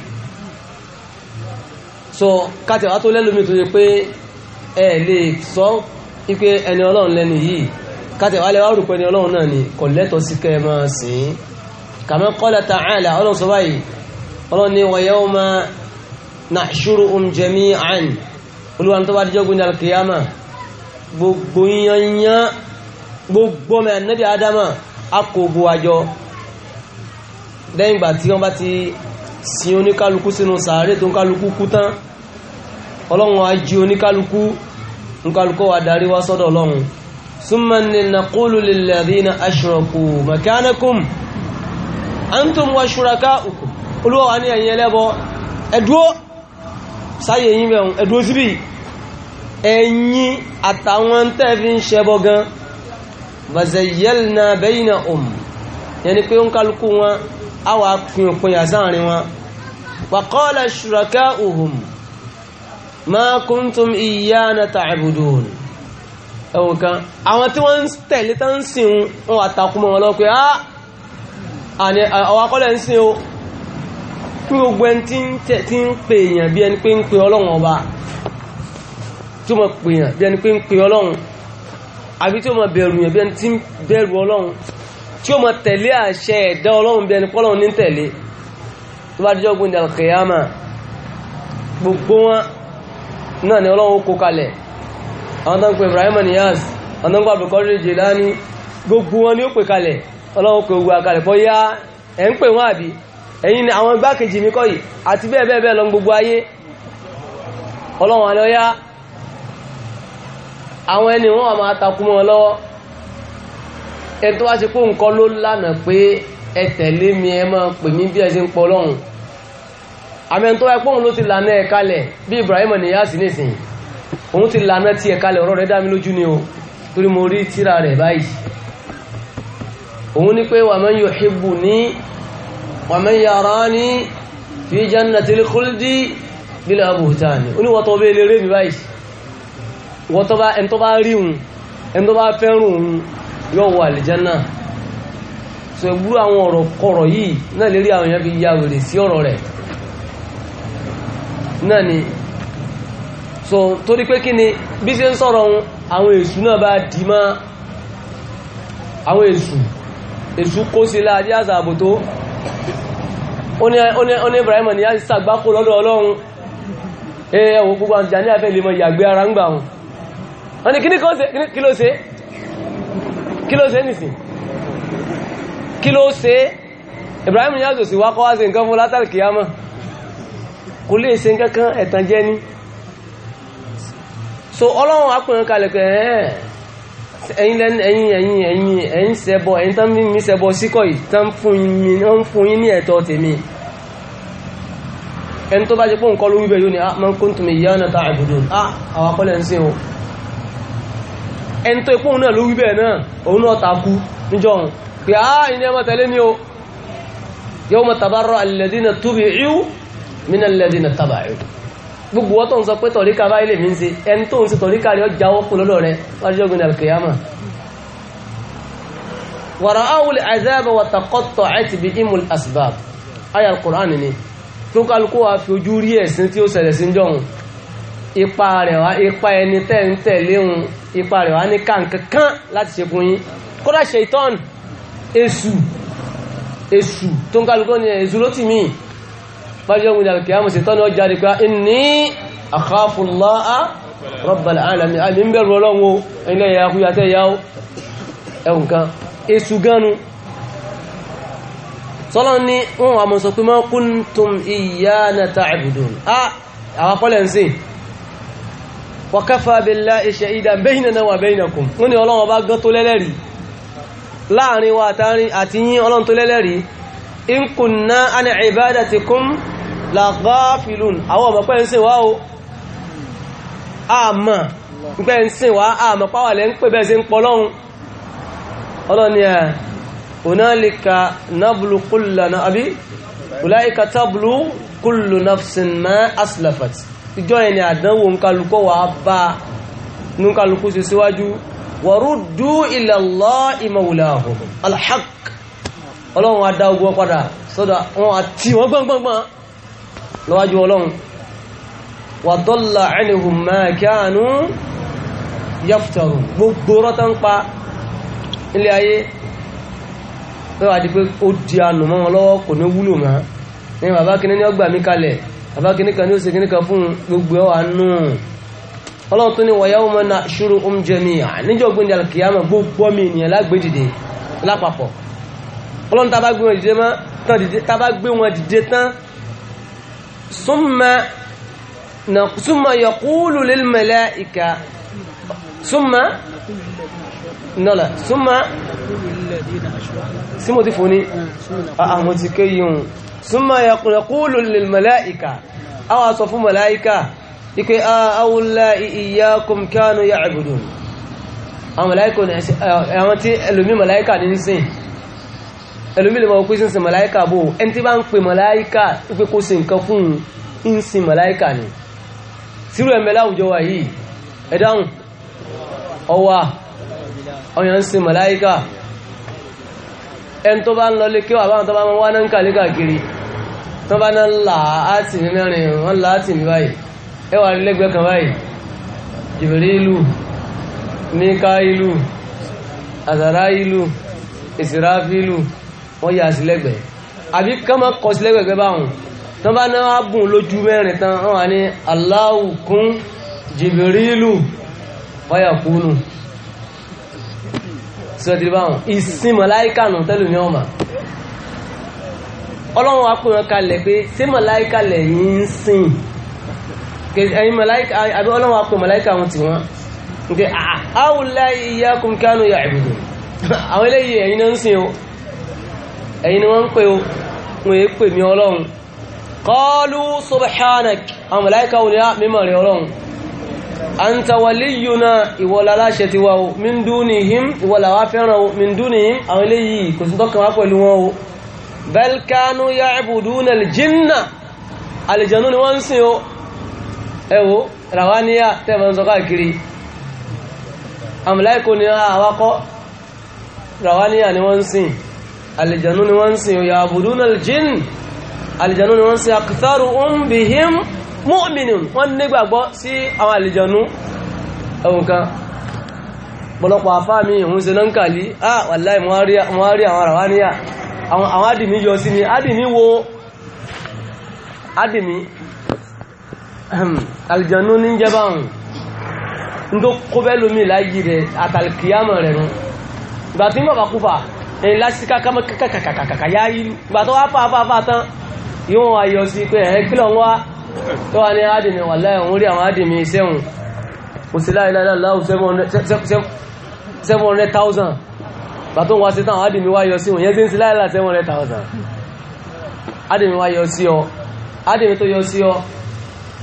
so káti àwọn tó lẹ́lómi tó yẹ pé ẹ lè sọ wípé ẹni ọlọ́run lẹ́nu yìí káti àwọn alẹ́wà rúpẹ́ ẹni ọlọ́run náà ni kò lẹ́tọ̀ sí kẹ́ ẹ máa sìn kama qala ta'ala ọlọ́run sọ báyìí ọlọ́run ni wa yawma nahshuruhum jami'an olúwa tó bá díjọ́ gbé ní alkiyama gbogbo yanyan gbogbo mẹ́ adama akogbo àjọ lẹ́yìn ìgbà tí wọ́n bá ti sin oníkálukú sínú sàárè tó ń kálukú kú tán ọlọ́run á jí oníkálukú nkálukú wa darí wá sọ́dọ̀ ọlọ́run summa naqulu lilladhina ashraku makanakum antum wa shurakaukum olúwa wà ní ẹ̀yìn ẹlẹ́bọ ẹ̀dúró sáyẹ̀ yìí bẹ̀rún ẹ̀dúró síbí ẹ̀yìn àtàwọn tẹ́ẹ̀fí ń ṣẹbọ gan bazayyalna baynahum yẹni pé ń kálukú wọn a wà pin òpinya sáàrin wọn wa qala shuraka'uhum ma kuntum iyyana ta'budun ẹ̀wọ̀n kan àwọn tí wọ́n ń tẹ̀lé tán ń sìn wọn wà takú mọ́ wọn lọ pé ah, àwọn akọ́lẹ̀ ń sìn o kí gbogbo ẹni tí ń pè èèyàn bí ẹni pé ń pè ọlọ́run ọba tí ó pè èèyàn bí ẹni pé ń pè ọlọ́run àbí tí ó bẹ̀rù èèyàn bí ẹni tí ń bẹ̀rù ọlọ́run tí ó ma tẹ̀lé àṣẹ ẹ̀dá ọlọ́run bí ẹni pọ́lọ́run ní tẹ̀lé tó bá díjọ́ gbóndé alkiyama gbogbo wọn náà ni ọlọ́run kó kalẹ̀ àwọn tó ń pè Ibrahim Niyas àwọn tó ń gbogbo wọn ni ó pè kalẹ̀ ọlọ́run kò kalẹ̀ yá ẹ̀ ń pè wọ́n àbí ẹ̀yin ni àwọn igbákejì mi kọ́ yìí àti bẹ́ẹ̀ bẹ́ẹ̀ bẹ́ẹ̀ lọ ẹni tó wá sí pé nǹkan ló lànà pé ẹ tẹ̀lé mi ẹ máa pè mí bí ẹ ṣe ń pọ lọ́hùn àmì ẹni tó wá pé òun ló ti lànà ẹ kalẹ̀ bí Ibrahim Niyas nísìnyí òun ti lànà tí ẹ kalẹ̀ ọ̀rọ̀ rẹ dá mi lójú ni o torí mo rí tíra rẹ̀ báyìí òun ní pé wa man yuhibbuni wa man yarani fi jannatil khuldi bila buhtani ó ní wọ́tọ̀ bẹ́ lè rí mi báyìí wọ́tọ̀ bá ẹn tó bá rí un ẹn tó bá fẹ́rùn un yóò wọ àlìjánà so ìwúrú àwọn ọ̀rọ̀ kọ̀rọ̀ yìí náà lérí àwọn èèyàn fi ya wèrè sí ọ̀rọ̀ rẹ̀ náà ni so torí pé kí ni bí ṣe ń sọ̀rọ̀ ohun àwọn èṣù náà bá dì má àwọn èṣù èṣù kó sí ilá ajé àṣà àbò ó ní Ibrahim ni a ti sàgbákò lọ́dọ̀ Ọlọ́run ẹ̀ẹ́wò gbogbo àǹtí àní àfẹ́ lè mọ ìyàgbé ara ń gbà wọn ni kí ló ṣe kí ló ṣe nìsìn kí ló ṣe Ibrahim Niass sí wákọ́ wá sí nǹkan fún látàrí kìyàmọ́ kò lè ṣe nǹkankan ẹ̀tàn jẹ́ ní so ọlọ́run apẹ̀rún kalẹ̀ pé ẹ̀yìn lẹ́nu ẹ̀yìn ẹ̀yìn ẹ̀yìn ẹ̀yìn sẹ́bọ ẹ̀yìn tán mi sẹ́bọ síkọ̀ yìí tán fún yín ní ẹ̀tọ́ tèmi ẹni tó bá jẹ́ pé òun kọ́ ló wíbẹ̀ yóò ní ah man kuntum iyyana ta'budun ah àwọn akọ́lẹ̀ ń sìn o ẹni tó ipò náà ló wí bẹ́ẹ̀ náà òun náà takú níjọ́ òun pé á ah, ìní ẹmọ tẹ̀lé ní o yawma tabarra alladhina tubi'u min alladhina taba'u gbogbo wọ́n tó ń sọ pé tọ̀ríkà báyìí lè mí ń ṣe ẹni tó ń ṣe tọ̀ríkà rẹ̀ ọjà wọ́pọ̀ lọ́dọ̀ rẹ̀ wájọ́ gbìn ipa rẹ̀ wá ipa ẹni tẹ́ ń tẹ̀lé òun ipa rẹ̀ wá ní kàǹkankan láti ṣe fún yín kódà ṣaitan èṣù èṣù tó ń kálukọ́ ní èṣù ló ti mí pàjọ́ òun ìdàlùkì àmọ̀ ṣaitan ó jáde pé inni akhafullaha rabbal alamin àmì ń bẹ̀rù ọlọ́run o ìyá akúyà tẹ́ ìyá ẹ̀hùn kan èṣù gánu sọ́lọ́ ní wọn àmọ̀ sọ pé ma kuntum iyyana ta'budun ah àwọn akọ́lẹ̀ ń sìn wa kafa billahi shahidan baynana wa baynakum wọ́n ni ọlọ́run bá gán tó lẹ́lẹ́rìí láàrin wa àtàrin àti yín ọlọ́run tó lẹ́lẹ́rìí in kunna an ibadatikum la ghafilun àwọn ọmọ pẹ́ ń sìn wá o àmà pẹ́ ń sìn ah, ma aslafat ìjọ ẹni àdánwò nkálukọ́ wà bá nkálukú sí síwájú waruddu ila Allahi mawlahum alhaq ọlọ́run adá ogun padà sọ́dọ̀ wọn àti wọn gbọ́ngbọ́ngbọ́n lọ́wájú ọlọ́run wa dalla anhum ma kanu yaftaru gbogbo rọ́tán pa ilé ayé pé wà di pé ó di ànùmọ́ wọn lọ́wọ́ kò ní wúlò mọ́ ní bàbá kìnnìyàn gbà mí kalẹ̀ bàbá kìnnìkan ní ó sì kìnnìkan fún gbogbo ẹwà nù ọlọ́run tó ní wa yawma nahshuruhum jami'an níjọ́ gbé ní alkiyama gbogbo mi ènìyàn lágbé dìde lápapọ̀ ọlọ́run tá bá gbé wọn dìde tán tá bá gbé wọn dìde tán summa yaqulu lil mala'ika summa nọ́lá summa sí mo ti fò àmọ́ hmm, ah, ah, ti kéyìn súnmọ́ yaqulu lil malaika a wà sọ fún malaika ike a awúlá iyyakum kanu ya'budun àwọn malaika ní àwọn tí ẹlòmí malaika ní sìn ẹlòmí lè máa kú sí malaika bò ẹni tí bá ń pè malaika pé kó sì nǹkan tó bá ń lọ lé kí wà báwọn tó bá wọn wá náà ń kàlé káàkiri tó bá náà là á tì mí mẹ́rin wọ́n là á tì mí báyìí ẹ wà lẹ́gbẹ́ kan báyìí Jibrilu Mikailu Azarailu Israfilu wọ́n yà sí lẹ́gbẹ̀ẹ́ àbí ká máa kọ sí lẹ́gbẹ̀ẹ́ báwọn tó bá náà á bùn lójú mẹ́rin tán wọ́n wà ní Allahu kún Jibrilu fayakunu sọ́tìrì báwọn ìsìn màláíkà nù tẹ́lù ní ọmọ ọlọ́run wa pè wọn kalẹ̀ pé ṣé màláìka lẹ́yìn ń sìn ẹ̀yin màláìka àbí ọlọ́run wa pè màláìka wọn tì wọ́n nke àwùlá iyyakum kanu ya'budun àwọn eléyìí ẹ̀yin náà ń sìn o ẹ̀yin ni wọ́n ń pè o wọ́n èé pè mí ọlọ́run qalu subhanak àwọn màláìka wọn ni mímọ̀ rẹ̀ ọlọ́run anta waliyuna ìwọ̀lá aláṣẹ ti wa o min dunihim ìwọ̀lá wa fẹ́ràn o min dunihim àwọn eléyìí kò bal kanu ya'buduna al-jinna àlìjànú ni wọ́n ń sìn ó ẹ̀wò ràwáníyà tẹ́mọ̀ ń sọ káàkiri àmìláìkò ni àwákọ́ ràwáníyà ni wọ́n ń sìn àlìjànú ni wọ́n ń sìn ya'buduna al-jinn àlìjànú ni wọ́n ń sìn aktharuhum bihim mu'minun wọ́n nígbàgbọ́ sí àwọn àlìjànú ẹ̀wọ̀n kan pọ̀lọpọ̀ àfáà mi náà ń kàlí ah wàláì mọ́ rí àwọn ràwáníyà àwọn adìmí yọ sí ni adìmí wo adìmí aljanu ní jẹba ọ̀hún ní tó kó bẹ́ lómi láyé rẹ̀ àtàlìkìyàmọ̀ rẹ̀ nù ìgbà tí wọ́n bá kú fà ẹ̀yìn lásìkò kàkàkàkàkà yá yìí ìgbà tó wá fàáfàá tán yóò wá yọ sí pé ẹ̀ kílọ̀ wá tó wà bàtún wá sí táwọn adìmí wá yọ sí wọn yẹn tí ń sí láìlá 700,000 adìmí wá yọ sí ọ adìmí tó yọ sí ọ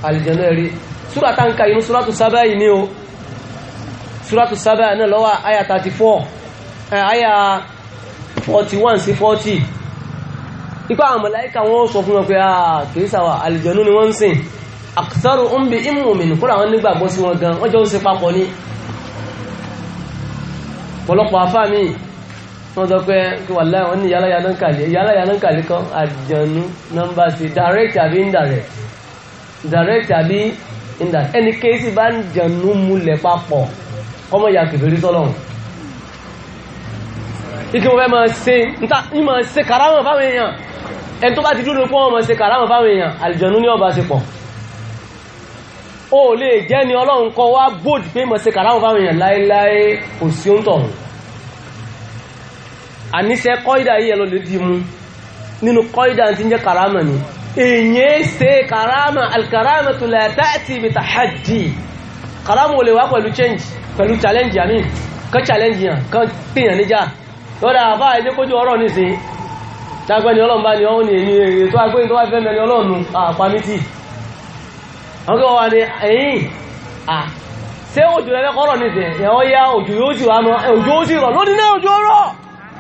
àlìjẹ̀nà ẹ̀rí súra táǹkà inú súratù sábà yìí ní o súratù sábà náà lọ́wọ́ àyà 34 àyà 41 sí 40 ipá àwọn màláíkà wọn sọ fún wọn pé kìí sàwà àlìjẹ̀nà ni wọ́n ń sìn àkùsọ́rù ń bi ìmùmìnì kúrò àwọn nígbàgbọ́ sí wọn gan wọ́n jọ ń ṣe papọ̀ ní ọ̀pọ̀lọpọ̀ afá wọ́n sọ pé wàláhì wọ́n ní yálàyà ló ń kàlẹ́ yálàyà ló ń kàlẹ́ kan àjànú nọ́mbà sí direct àbí indirect direct àbí indirect ẹni kéésì bá ń jànú múlẹ̀ papọ̀ ọmọ ìyá kẹfẹ́rí sọ́lọ́run ike wọn fẹ́ máa ṣe níta ní máa ṣe kàrámọ̀ fáwọn èèyàn ẹni tó bá ti dúró pé wọ́n máa ṣe kàrámọ̀ fáwọn èèyàn àlùjànnú ní ọba ṣe pọ̀ o lè jẹ́ ni ọlọ́run kọ wá bóòdù pé máa ṣe kàrámọ̀ fáwọn èèyàn láéláé kò sí oúntọ̀ ọ̀hún àníṣe kọ́ìdà yìí ẹlọ́lẹ̀ dì mú nínú kọ́ìdà tí ń jẹ́ karama ni èyí se karama alkarama tó lẹ́tà ti bi tahaddi karama ò le wá pẹ̀lú change pẹ̀lú challenge ami kan challenge yàn kan pèèyàn níjà lọ́dà àbá ẹjẹ́ kójú ọ̀rọ̀ nísìn tágbẹ́ ni ọlọ́run bá ní ọ́n ní èyí ètò agbóyin tó wá fẹ́ mẹ́rin ọlọ́run àpamítì àwọn kí wọ́n wà ní ẹ̀yìn à ṣé òjò lẹ́lẹ́kọ́rọ̀ nísìn ìyàwó yá òjò yóò sì rọ̀ lónìí náà òjò rọ̀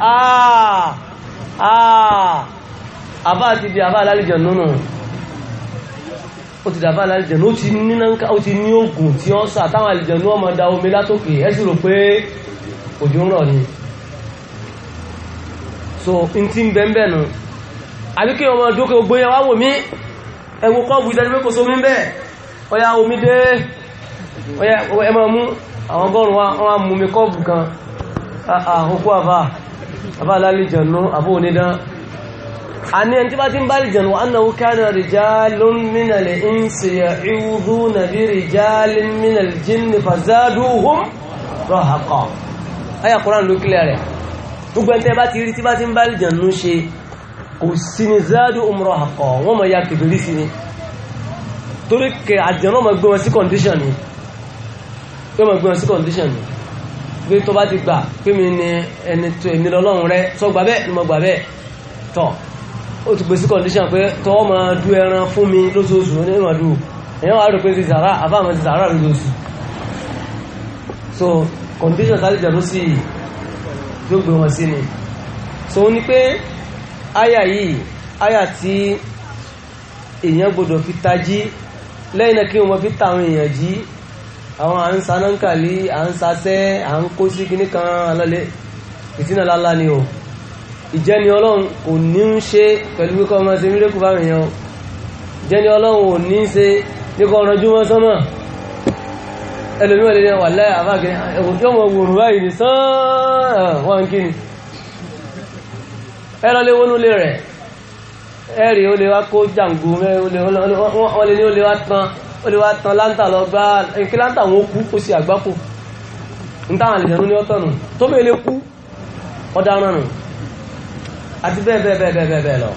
Ah, ah. àbá ti di àbá alálejò nínú ó ti dàbá alálejò ó ti ní náà ó ti ní oògùn tí wọ́n sà táwọn àlejò ní ọmọ da omi látòkè ẹ sì rò pé òjò ń rọ̀ ni so n ti ń bẹ́ẹ̀ nù àbí kí ọmọ dókè ogbó yẹn wá wò mí ẹwọ kọ́ọ̀bù ìdájú pé kò sómi ń bẹ́ẹ̀ ọya omi dé ọya ẹ máa mú àwọn ọgọ́rùn-ún wa wọ́n á mú mi kọ́ọ̀bù kan àà ah, òkú àbá alálìjànú àbó onídán a ní ẹni tí bá ti ń bá lìjànú annahu kana rijalun minal insi ya'udhuna bi rijalin minal jinni fazaduhum rahaqa ayà kúrán ló kílẹ̀ rẹ̀ gbogbo ẹni tẹ́ bá ti rí tí bá ti ń bá lìjànú ṣe kò sí ni zaduhum rahaqa pé tó bá ti gbà pé mi ni ẹni tó èmi lọ́lọ́run rẹ tó gbà bẹ́ẹ̀ ni mo gbà bẹ́ẹ̀ tọ̀ ó ti pèsè condition pé tọ́ ọ máa du ẹran fún mi lóṣooṣù ní ìwọ̀n dùn èèyàn wà rò pé ti sàrà àbá àwọn ti sàrà lóṣooṣù so condition sáré jà ló sì tó gbé wọn sí ni so ó ní pé àyà yìí àyà tí èèyàn gbọdọ̀ fi tají lẹ́yìn náà kí wọ́n fi ta àwọn èèyàn jí àwọn à ń sanáńkàlí à ń sasẹ́ à ń kó sí kíní kan alọ́lẹ̀ ìtínà lálá ni o ìjẹni ọlọ́run kò ní ń ṣe pẹ̀lú kíkọ́ ọmọ sí mílíkù báwọn èèyàn ìjẹni ọlọ́run ò ní ń ṣe nípa ọ̀rọ̀ júmọ́ sánmà ẹlòmí wà lẹ́yìn wà láyé àbáàkẹ́ ẹ̀kùn tí ó mọ̀ wòrùn báyìí sán wọn kí ni ẹ̀rọ lé wọnú lé rẹ̀ ẹ̀rì ó lè wá kó jàǹgù mẹ́ ó lè wá tán ó lè wá tan láńtà lọ bá ẹnkí láńtà wọn kú kó sí àgbákò ń táwọn àlejò ní ọ̀tọ̀ nù tó bẹ́ẹ̀ lè kú ọ̀daràn nù àti bẹ́ẹ̀ bẹ́ẹ̀ bẹ́ẹ̀ bẹ́ẹ̀ bẹ́ẹ̀ lọ.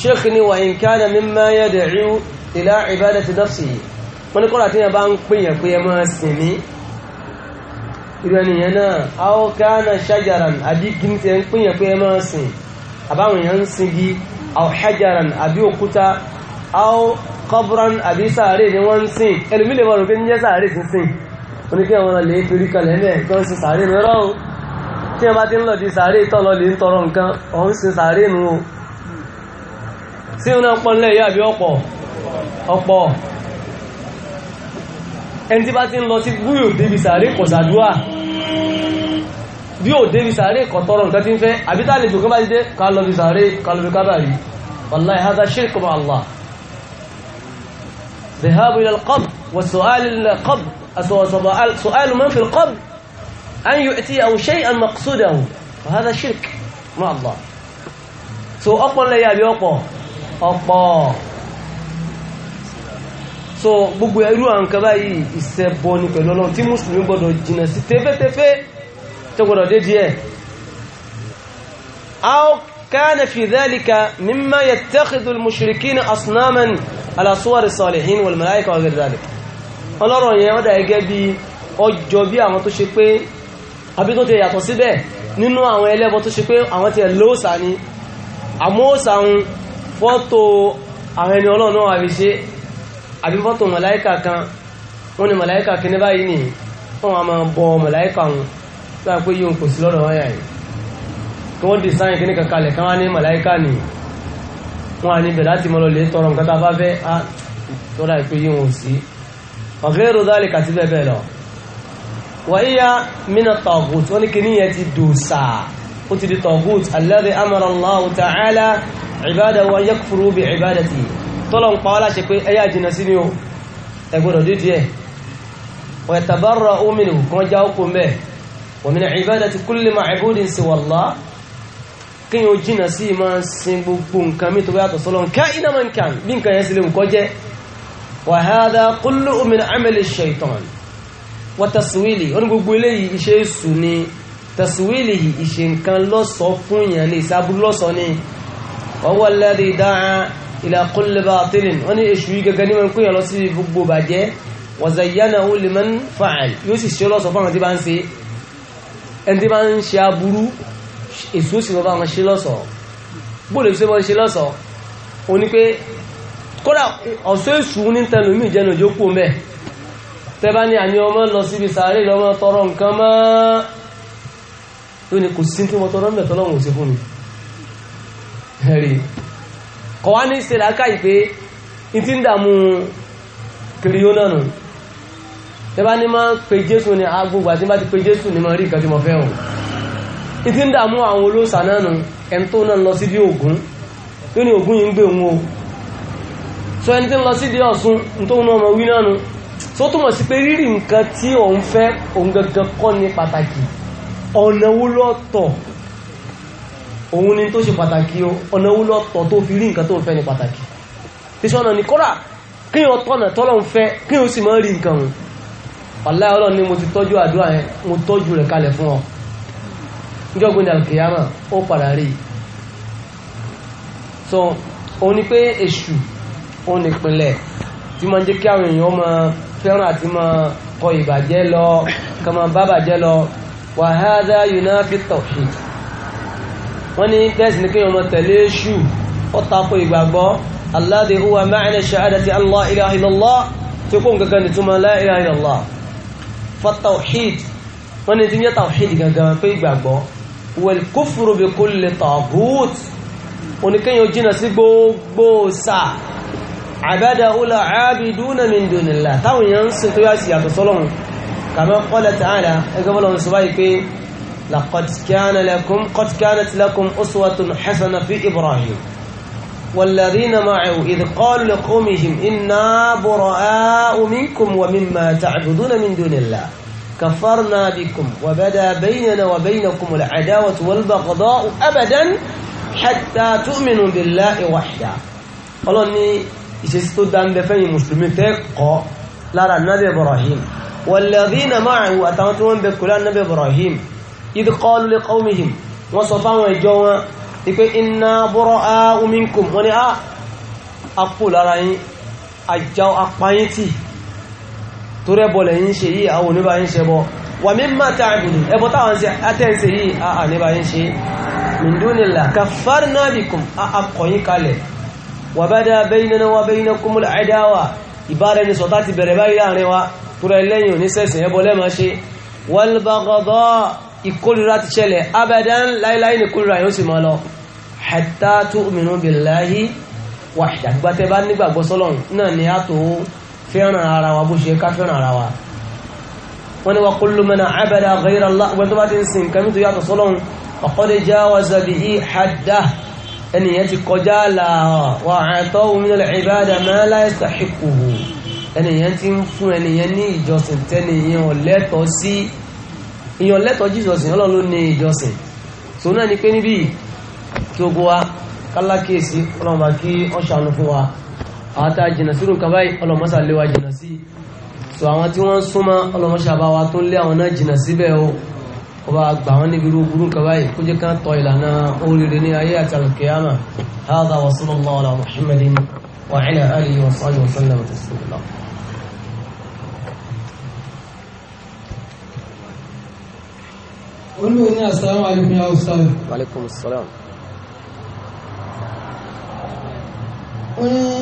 sheikh ni wa in kana mimma yad'u ila ibadati nafsihi wọ́n ní kọ́lá tí yẹn bá ń pè yẹn pé ẹ máa sìn mí irú ẹnìyẹn náà aw kana shajaran àbí kí n ti ẹ ń pè pé ẹ máa sìn àbáwọn èèyàn ń sin gi aw àbí òkúta áwọ́ kọ́bùrán àbí sàárè ni wọ́n ń sìn ẹlùmí lè mọ̀rùn pé ń jẹ́ sàárè sí sìn oníkẹ́ wọn lè torí kalẹ̀ mẹ́ tó ń sin sàárè mi rọ́rùn tí wọ́n bá ti ń lọ di sàárè tọ́lọ lè ń tọrọ nǹkan ọ̀hún sin sàárè nu o sí wọn náà pọ́nlẹ̀ yìí àbí ọ̀pọ̀ ọ̀pọ̀ ẹni tí bá ti ń lọ sí gúyò débi sàárè kò sàdúà bí ò débi sàárè kò tọrọ nǹkan tí ń fẹ́ àbí tá àlejò kan bá ti dé ká lọ bí sàárè ká kábàárì wàláì Allah ذهاب إلى القبر وسؤال القبر سؤال من في القبر أن يؤتيه شيئا مقصوده وهذا شرك مع الله so ọ̀pọ̀ lẹ́yà bí ọ̀pọ̀ ọ̀pọ̀ so gbogbo irú àwọn nǹkan báyìí ìṣẹbọ ní pẹ̀lú ọlọ́run tí mùsùlùmí gbọ́dọ̀ jìnà sí tẹ́fẹ́tẹ́fẹ́ tó gbọ́dọ̀ dé díẹ̀ كان في ذلك مما يتخذ المشركين أصناما على صور الصالحين والملائكة وغير ذلك الله yẹn wọ́n dà gẹ́gẹ́ bí ọjọ́ bí àwọn tó ṣe pé àbí tó ti yàtọ̀ síbẹ̀ nínú àwọn ẹlẹ́bọ tó ṣe pé àwọn ti lóòsà ni àmóòsàun fọ́tò àwọn ẹni ọlọ́run náà àbí ṣe àbí fọ́tò màláíkà kan wọ́n ni màláíkà kí ní báyìí nì wọ́n máa bọ màláíkà wọn láàpẹ́ yóò kò sí lọ́rọ̀ wáyà yìí kí wọ́n design kí ní kankalẹ̀ kan wá ní màláíkà ni wọ́n á níbẹ̀ láti mọ́ lọlẹ̀ tọrọ nǹkan tá a bá fẹ́ á tọ́lá ìpé yíò wọ́n sí ọ̀gẹ́ rọ̀dálì kàti bẹ́ẹ̀ lọ wà íyá mina tọ̀gùt wọ́n ní kí níyẹn ti dòsà ó ti di tọ̀gùt alladhi amara Allahu ta'ala ibadahu wa ni o ẹ gbọ́dọ̀ dídí ẹ̀ wa yatabarra'u minhu kan já ó kó mẹ́ kíyàn ó jìnà sí máa sin gbogbo nǹkan mi tó bá yàtọ̀ sọ́lọ́run ká iná máa ń kà bí nǹkan yẹn sì lè nǹkan jẹ́ wa hadha kullu min amali shaitan wa taswili ó ní gbogbo eléyìí iṣẹ́ èṣù ni taswili ìṣe nǹkan lọ́sọ̀ fún èèyàn ní ìsábúrú lọ́sọ̀ ni huwa alladhi da'a ila kulli batilin ó ní èṣù yìí gẹ́gẹ́ ní máa ń lọ sí gbogbo bàjẹ́ wa zayyanahu liman fa'al yóò sì ṣe lọ́sọ̀ èso sì wọ́n bá wọn ṣe lọ́sọ̀ọ́ bóòlù ṣe wọ́n ṣe lọ́sọ̀ọ́ o ní pé kódà ọ̀sọ́ èṣù ní tẹnumí ìjẹnu ìjókòó mẹ́ tẹ́bá ní àní ọmọ lọ síbi sàárè lọ́mọ tọrọ nǹkan mọ́ tó ní kò sí tí mo tọrọ mẹ́ tọ́lọ́wọ̀n sí fún mi ẹ̀rí kọ̀ wá ní ṣe làákàyè pé n ti ń dààmú kiri yóò náà nù tẹ́bá ní máa pe Jésù ní agbógbà tí bá ti pe Jésù ní máa rí ìkàtí mo fẹ́ ìdí ń dààmú àwọn olóòsà náà nù ẹni tó náà lọ sí di ogun tó ní ogun yìí ń gbé o so ẹni tí ń lọ sí di Ọ̀ṣun tó ń ọmọ wí náà nù so túmọ̀ sí pé rírì nǹkan tí òun fẹ́ òun gangan kọ́ ní pàtàkì ọ̀nà òun ni tó ṣe pàtàkì o ọ̀nà fi rí nǹkan tó ń fẹ́ ní pàtàkì ní kí tọ́nà tọ́lọ́ fẹ́ kí ni mo ti tọ́jú àdúrà yẹn mo tọ́jú rẹ̀ kalẹ̀ fún jọ́gbìn alkiyama ó padà rí so o ní pé èṣù ó nípìnlẹ̀ tí máa ń jẹ́ kí àwọn èèyàn máa fẹ́ràn àti máa kọ ìbàjẹ́ lọ kọ́ máa bá bàjẹ́ lọ wa hadha yunafi tawhid wọ́n ní bẹ́ẹ̀sì ní kéèyàn máa tẹ̀lé èṣù ó tako ìgbàgbọ́ alladhi huwa ma'na shahadati allah ilaha illallah tí kò nǹkan kan ní túmọ̀ la ilaha fa tawhid wọ́n ní tí ń yẹ tawhid gangan pé ìgbàgbọ́ wẹ̀lkúfùrù bí kò lè tọ̀gùt oníkẹ́yìn ojìnà sí gbogbo sà àbádà ọlá àbìdúnà min dunillah táwọn èèyàn ń sin tó yá sí yàtọ̀ sọ́lọ́run kàmẹ́ kọ́lẹ̀ tààdà ẹgbẹ́ bọ́lọ́run sọ báyìí pé لقد كان لكم قد كانت لكم أسوة حسنة في إبراهيم والذين معه إذ قالوا لقومهم إنا براء منكم ومما تعبدون من دون الله كفرنا بكم وبدا بيننا وبينكم العداوة والبغضاء أبدا حتى تؤمنوا بالله وحده قالوا أني يسيستو دان بفين مسلمين تقو لارا نبي إبراهيم والذين معه أتمتون بكلان نبي إبراهيم إذ قالوا لقومهم وصفا وجوا يقول إنا براء منكم وني أقول لارا أجاو أقبايتي tó rẹ́bọ̀ lẹ̀ yí ń ṣe yìí àwọn oníbà yí ń ṣe bọ́ wà mí má tààbùdù ẹbọ táwọn ṣe àtẹ́ǹṣe yìí àà níbà yí ń ṣe mìndúnilà kàfàrí náà bì kùn àkọ̀yìn kalẹ̀ wà bá dá bẹ́yìn náà wà bẹ́yìn náà kúmùlà àdáwà ìbáraẹnisọ̀ tá ti bẹ̀rẹ̀ báyìí láàrin wa tó rẹ fẹ́ràn ara wa bó ṣe ká fẹ́ràn ara wa wọ́n ni wa kullu man abada ghayra Allah wọ́n tó bá ti ń sin nǹkan nítorí yàtọ̀ sọ́lọ́run faqad jawaza bihi haddah ẹnìyẹn ti kọjá là wà a'tahu min al-ibada ma la yastahiquhu ti ń fún ẹnìyẹn ní ìjọsìn tẹ́nìyẹn ò lẹ́tọ̀ sí ìyàn lẹ́tọ̀ jíjọsìn ọlọ́run ló àwọn tá a jìnà sírù nǹkan báyìí ọlọ́mọ́sà lé wa jìnà sí so àwọn tí wọ́n ń súnmọ́ ọlọ́mọ́sà bá wa tó ń lé àwọn náà jìnà síbẹ̀ o kó bá gbà níbi irú burú kó jẹ́ kán tọ́ ìlànà oríire ní ayé àti alùkìyàmà hadha wa wọ́n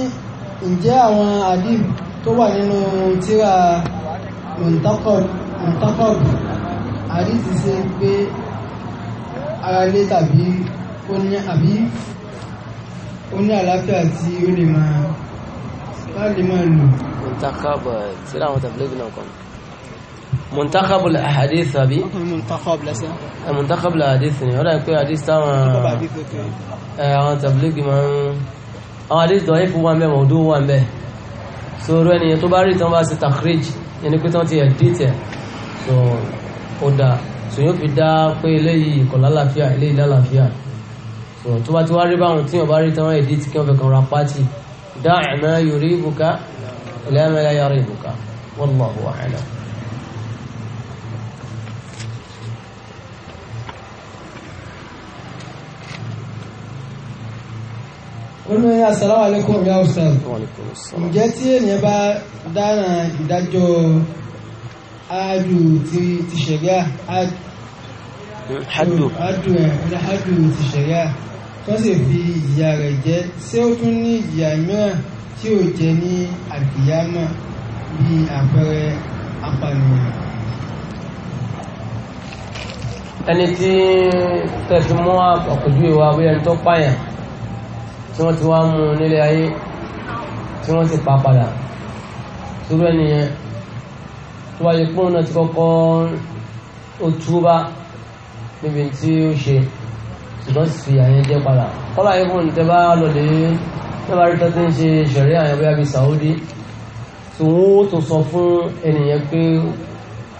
ní ǹjẹ́ àwọn àdìb tó wà nínú tíra mọ̀ntàkọ̀b àdìsí ṣe pé ara lé tàbí ó ní àbí ó ní àlàáfíà tí ó lè máa láti máa lò. mọ̀ntàkọ̀b eh, tíra àwọn tàbí lẹ́gbẹ̀ẹ́ náà kan. منتخب الاحاديث ابي منتخب لسه منتخب الاحاديث àwọn àdéhùn tó ẹ̀fù wà ń bẹ̀ mọ̀ọ́dú wà ń bẹ̀ sọ̀rọ̀ ẹnìyẹn tó bá rí tán bá ṣe takrij yẹn pé tán ti ẹ̀ dé so ó da so yóò fi dá pé eléyìí kò lálàáfíà eléyìí lálàáfíà so tó bá ti wá rí báwọn tí wọn bá rí tán ẹ̀ dé tí kí wọn fẹ́ kàn ra pátì dá ma yuribuka ila ma la yaribuka wallahu a'lam olú ní asàlámù alaykum ya ustaz ǹjẹ́ tí ènìyàn bá dára ìdájọ́ áàdù ti ti ṣẹ̀ríà áàdù ẹ̀ áàdù ti ṣẹ̀ríà tó sì fi ìyà rẹ̀ jẹ́ ṣé ó tún ní ìyà mìíràn tí ó jẹ ní àkìyámà bí àpẹẹrẹ apànìyàn ẹni tí tẹ̀sí mú àpọ̀jù ìwà bí ẹni tó pààyàn tí wọ́n ti wá mú un nílé ayé tí wọ́n ti pa padà sórí ẹnìyẹn tó wáyé pé òun náà ti kọ́kọ́ ó túbá níbi tí ó ṣe ṣùgbọ́n sì fi àyẹn jẹ́ padà kọ́lá yìí fún ìtẹ́ bá lọ́lẹ̀ tẹ́ bá rí tọ́ tí ń ṣe ṣẹ̀rí àyẹn bóyá bíi Saudi tí wọ́n ó tún sọ fún ẹnìyẹn pé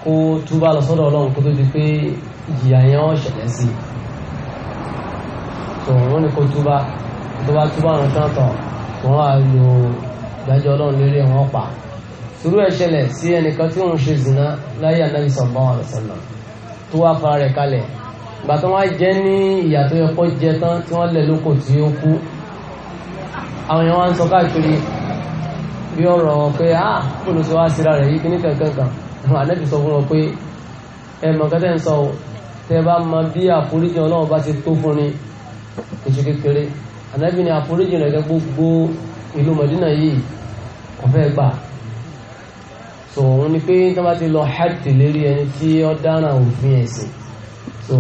kó túbá lọ sọ́dọ̀ Ọlọ́run kó tó di pé ìjìyà yẹn ó ṣẹlẹ̀ sí i tòun ó ní kó túbá tó bá túbọ̀ àwọn tán tán wọn á lo ìdájọ́ ọlọ́run lérí wọn pa sùúrù ẹ̀ ṣẹlẹ̀ sí ẹnìkan tí òun ṣe zìnà láyé ànábì sallallahu alaihi wasallam tó wá fara rẹ̀ kalẹ̀ ìgbà tó wọ́n jẹ́ ní ìyà tó yẹ kó jẹ tán tí wọ́n lẹ̀ lóko tí ó kú àwọn èèyàn wá ń sọ káàkiri bí ọ̀rọ̀ pé ah olùsọ wá síra rẹ̀ yìí kí ní kankan kan ànábì sọ ànábì ni àforíjì rẹ̀ gẹ́gẹ́ gbogbo ìlú Mọ̀dínà yìí kò gbà so òun ni pé tó bá ti lọ hajj lérí ẹni tí ó dára òfin ẹ̀sìn so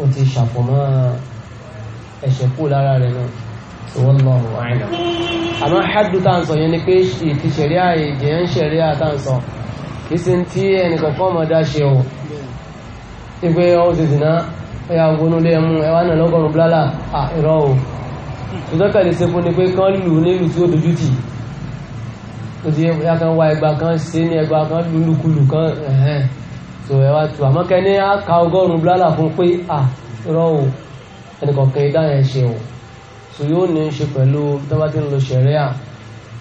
ó ti ṣàfọ̀mọ́ ẹ̀ṣẹ̀ kú lára rẹ̀ náà so wọ́n lọ ọ̀rọ̀ àìnà àmọ́ hajj tá à ń sọ yẹn ni pé ìtì ṣẹ̀ríà ìjẹ́ ń ṣẹ̀ríà tá à ń sọ kì í ṣe ti ẹnìkan fọ́ ọmọdé ṣe o ìpè ọ̀hún ti dìná ẹ̀yà ògbónú lé ẹmu ẹ̀wà náà lọ́gọ́rùn-ún bláàlà ìrọ̀ o ìtọ́kà lè ṣe fún ni pé kán lù nílùú tí ó dojú tì ó ti yá kan wá ẹgbà kan ṣe ní ẹgbà kan lùlùkulù kan ẹ̀hẹ́n tó ẹ wá tu àmọ́ kẹ́ni á ka ọgọ́rùn-ún blálà fún pé à rọ o ẹnìkọ̀ọ̀kan ìdá yẹn ṣe o tó yóò ní í ṣe pẹ̀lú tó bá ti ń lo ṣẹ̀ríà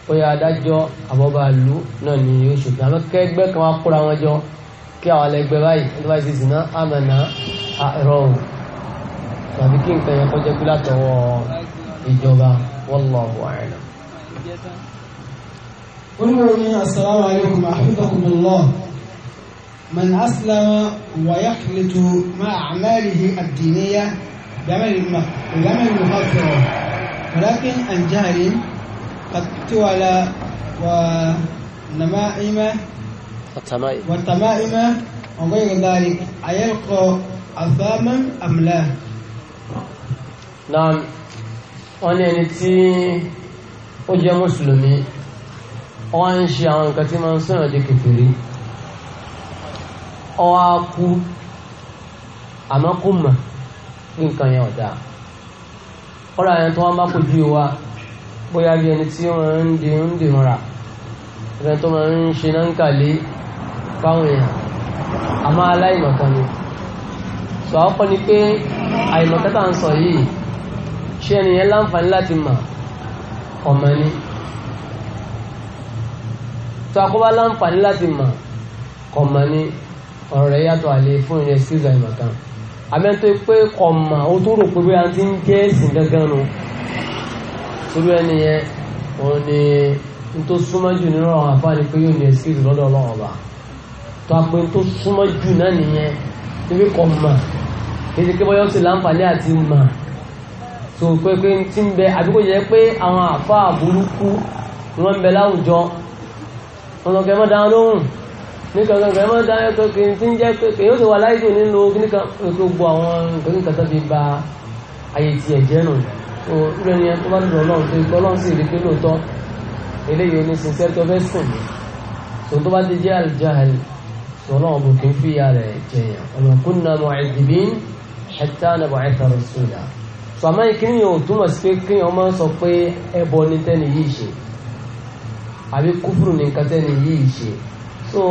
ó yá adájọ́ àbọ̀bà ìlú náà ni yóò ṣe pé àmọ́ kẹ́gbẹ́ kan wá kóra wọn jọ kí àwọn ẹlẹgbẹ́ báyìí ẹni báyìí ti sìn ìjọba wallahu a'lam. onímọ̀ ní asalaamu alaykum ahmadakumullah man aslama wa yakhlitu ma a'malihi ad-diniya بعمل مخفرة ولكن عن جهل قد تولى ونمائم والتمائم والتمائم وغير ذلك أيلقى أثاما أم لا؟ نعم wọ́n ní ẹni tí ó jẹ́ mùsùlùmí wọ́n ń ṣe àwọn nǹkan tí máa ń sọ̀rọ̀ di kékeré ọwọ́ á kú àmọ́ kò mà ní nǹkan yẹn ọ̀dà ọ̀rọ̀ àyẹn tó wọ́n bá kojú wa bóyá bí ẹni tí wọ́n ń di ń di mọ́ra ẹni tó máa ń ṣe náà ń kàlé fáwọn èèyàn àmọ́ aláìmọ̀kan ni sọ àkọ́kọ́ ni pé àìmọ̀kẹ́ta ń sọ yìí ṣé ẹni yẹn láǹfààní láti mà ọmọ ni tó akọ́bá láǹfààní láti mà kọ̀mọ̀ ni ọ̀rọ̀ rẹ̀ yàtọ̀ àlè fún ìyẹn síza ìmọ̀kan àmẹ́ntó pé kọ̀mọ̀ ó tó rò pé bóyá ti ń jẹ́ ẹ̀sìn gangan nu torí ẹni yẹn òun ni n tó súnmọ́ jù nínú ọ̀rọ̀ àfáà ni pé yóò ní ẹ̀sìn lọ́dọ̀ ọlọ́run ọba tó a pé n tó súnmọ́ jù náà nìyẹn níbi kọ̀mọ̀ kí ti kí bóyá ó sì láǹfààní àti mà tó pé pé tí ń bẹ àbí kò jẹ́ pé àwọn àfáà burúkú wọ́n ń bẹ láwùjọ ọlọ́kẹ́ mọ́ dáa lóhùn níkàkàkà mọ́ dáa ẹ̀kọ́ kì í tí ń jẹ́ pé yóò ti wà láìsí òní lo kíníkà gbogbo àwọn nǹkan nǹkan tó fi ba ayé tiẹ̀ jẹ́ nù tó rẹ̀ ni tó bá dùn ọlọ́run tó ikọ́ ọlọ́run sì rí pé lóòótọ́ eléyìí oní sincere tó fẹ́ sùn mí tó tó bá ti jẹ́ àlùjáhàlì tó ọlọ́run so àmọ́ ìkíni ò túmọ̀ sí pé kí ọmọ sọ pé ẹbọ ní tẹ́ni yìí ṣe àbí kúfùrù ní nǹkan tẹ́ni yìí ṣe so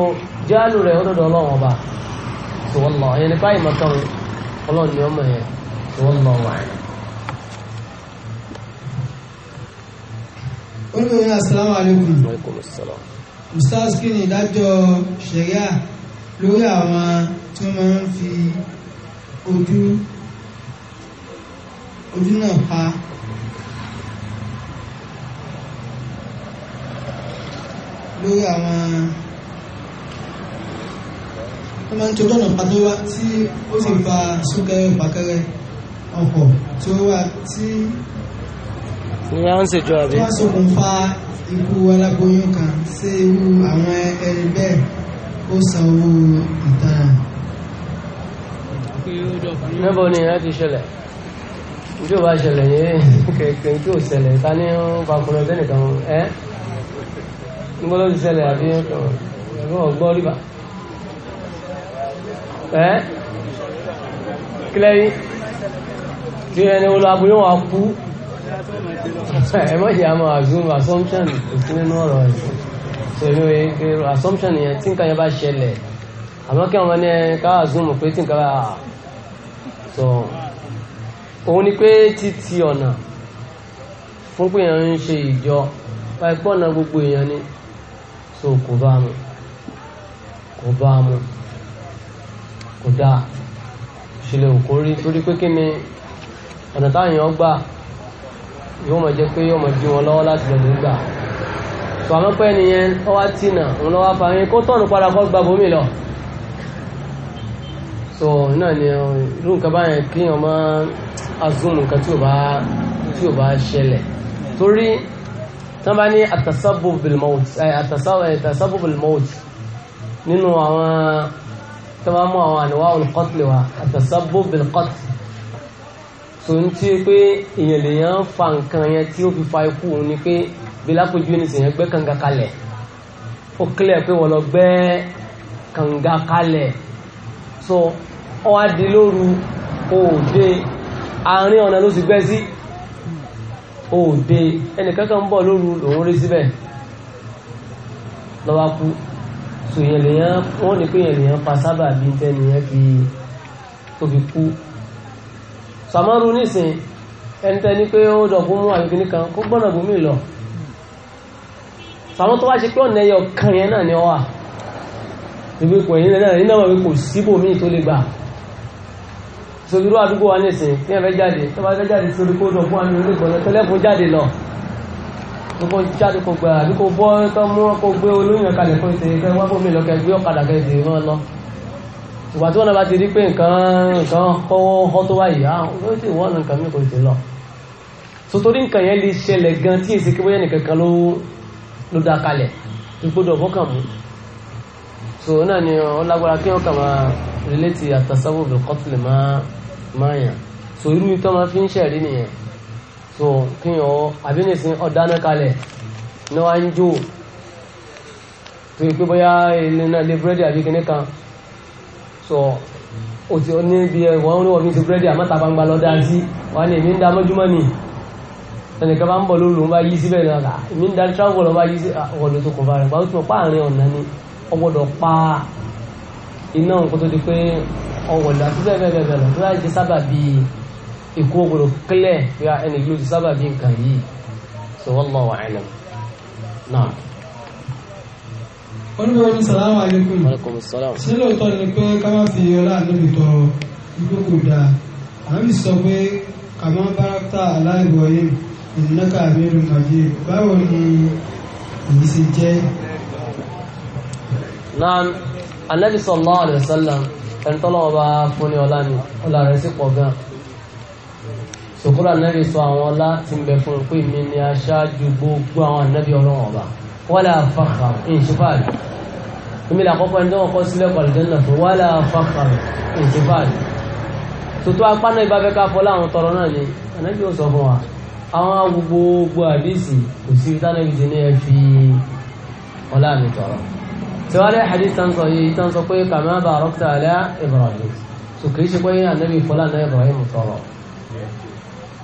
jáàlù rẹ̀ ọdọ̀dọ̀ ọlọ́run ọba so wọ́n lọ ẹni báyìí mọ̀ tán ọlọ́run ni ọmọ yẹn so wọ́n lọ wà ní. olùkọ́ asalaamu alaykum ustaz kí ni ìdájọ́ ṣẹ̀ríà lórí àwọn tí wọ́n máa ń fi ojú ojú náà pa lórí àwọn tó máa ń tó dọ́nà pàtó wá tí ó sì fa súnkẹrẹ pàkẹrẹ ọkọ̀ tí ó wà tí wọ́n ṣokùnfà ikú aláboyún kan sí irú àwọn ẹni bẹ́ẹ̀ ó san owó ìtara. níbo ni ìyá ṣẹlẹ̀ tí ó bá ṣẹlẹ̀ yẹn kẹ̀kẹ́ tí ó ṣẹlẹ̀ ta ní ọkùnrin ọ̀tẹ́ nìkan ẹ́ nígbọ́n ló ti ṣẹlẹ̀ àbí ẹ̀kọ́ ọgbọ́ rí bá ẹ́ kílẹ̀ yìí tí ẹni olú abúlé wọn kú ẹ mọ̀ yìí a máa eh. assume ¿Eh? ¿Eh? assumption òsì nínú ọ̀rọ̀ ẹ̀sìn pẹ̀lú assumption yẹn tí nǹkan yẹn bá ṣẹlẹ̀ àmọ́ kí àwọn ẹni ká assume pé tí nǹkan bá sọ òun ni pé títí ọ̀nà fún pé èèyàn ń ṣe ìjọ pàìpọ̀ ọ̀nà gbogbo èèyàn ni so kò bá mu kò bá mu kò dáa ṣẹlẹ̀ òkú rí torí pé kí ni ọ̀nà táwọn èèyàn gbà yóò mọ̀ jẹ́ pé yóò mọ̀ dí wọn lọ́wọ́ láti lọ́dún gbà so àmọ́ pé ẹnìyẹn ọwá tìǹà òun lọ́wọ́ fa ẹni kó tọ̀nù padà kọ́ gbàgbómi lọ so náà ni irú nǹkan báyẹn kí èèyàn máa azúm nǹkan tí ò bá tí ò bá ṣẹlẹ̀ torí tán bá ní atasabu bil eh, atasabu eh, bil maut nínú àwọn tó bá mú àwọn àníwá olùkọ́tìlẹ̀ wa atasabu bil qatl so n tí pé èèyàn lè yàn fa nǹkan yẹn tí ó fi fa ikú òun ni pé bí lápòjú ní sèyàn gbẹ́ kànga kalẹ̀ ó kílẹ̀ pé wọ́n lọ gbẹ́ kànga kalẹ̀ so ọwá dé lóru òde àárín ọ̀nà ló sì gbé sí òde ẹnìkankan ń bọ̀ lóru lòun rí síbẹ̀ lọ́wọ́ kú so yẹn lèyàn wọ́n ní pé yẹn lèyàn pa sábà bí tẹ́niyàn fi tó fi kú sàmọ́rú nísìn ẹni tẹ́ pé ó dọ̀gbọ́n mú àbíkí nìkan kó gbọ́nà lọ sàmọ́ tó wá ṣe pé ọ̀nà ẹyọ kan yẹn náà ni ọ wà ẹ̀yìn náà kò síbòmí tó lè gbà sọdúró àdúgbò wa nísìn tí ẹ fẹ́ jáde tí ẹ bá fẹ́ jáde sórí kódò fún àmì onígbọ̀nà tẹlẹ́fún jáde lọ gbogbo jáde kò gbà àbí kò bọ́ tó mú kó gbé olóyìn kalẹ̀ fún ìṣe kẹ wá fún mi lọ kẹ gbé ọ̀kadà kẹ dè rán lọ ìgbà tí wọn bá ti rí pé nǹkan nǹkan kọ́wọ́ họ́ tó wáyé á ló ti wọ́n nǹkan mi kò ti so náà ni ọ lágbára kí wọn kà máa relate àtàsáwò bẹ kọtùlẹ máa máa yàn so irú ìtọ́ máa fi ń ṣẹ̀rí nìyẹn so kí wọn àbínìsín ọ̀dáná kalẹ̀ ní wàá ń jó tó yẹ pé bóyá ilé náà lé búrẹ́dì àbí kíní kan so o ti níbi ẹ̀wọ̀n ní wọ́n fi ṣe búrẹ́dì àmọ́ tàbá ń gba lọ́dá sí wà ní èmi ń da mọ́júmọ́ ni ẹnìkan bá ń bọ̀ lóru ń bá yí síbẹ̀ náà èmi ń da travel lọ́ bá yí sí ah, ọ̀dọ̀ tó kọ̀ rẹ̀ gbà ó ti mọ̀ páàrin ọ̀nà ni ọgbọ́dọ̀ pa iná nǹkan tó di pé ọwọ́dọ̀ àti bẹ́ẹ̀ bẹ́ẹ̀ bẹ́ẹ̀ lọ tó láì jẹ́ sábà bí ikú ọgbọ́dọ̀ kílẹ̀ bí a ah, ẹni yóò ti sábà bí nǹkan yìí so wallahu a'lam náà. olùkọ́ ní sàlámù alaikum. alaikum sàlámù. ṣé lóòótọ́ ni pé ká má fi ọlá níbi tọrọ igbó kò dáa àmì sọ pé kàmá bárakta aláìwọ̀ yìí ìnáka àbẹ̀rù màjì báwo ni èyí ṣe jẹ́ náà anabi sallallahu alayhi wa sallam ẹni tọ́lọ́wọ́ bá fún ní ọlá ni ọlá rẹ̀ sì pọ̀ gan sòkúrò anabi sọ àwọn ọlá tí ń bẹ fún un pé mi ni aṣáájú gbogbo àwọn anabi ọlọ́wọ́ ọba wala fakhar ìṣífàlì èmi là kọ́kọ́ ẹni tó wọ́n kọ́ sílẹ̀ kọ̀lẹ́dẹ́nà fún wala fakhar ìṣífàlì tòtò apáná ìbáfẹ́ ká fọ́lá àwọn tọrọ náà ni anabi ó sọ fún wa àwọn gbogbo àdìsí kò sí tánàbìtì ní ẹ fi ọlá mi tọrọ tí wọ́n lé hadith tán sọ yìí tán sọ pé kama barakta ala Ibrahim so kìí ṣe pé anabi fọlá náà Ibrahim tọrọ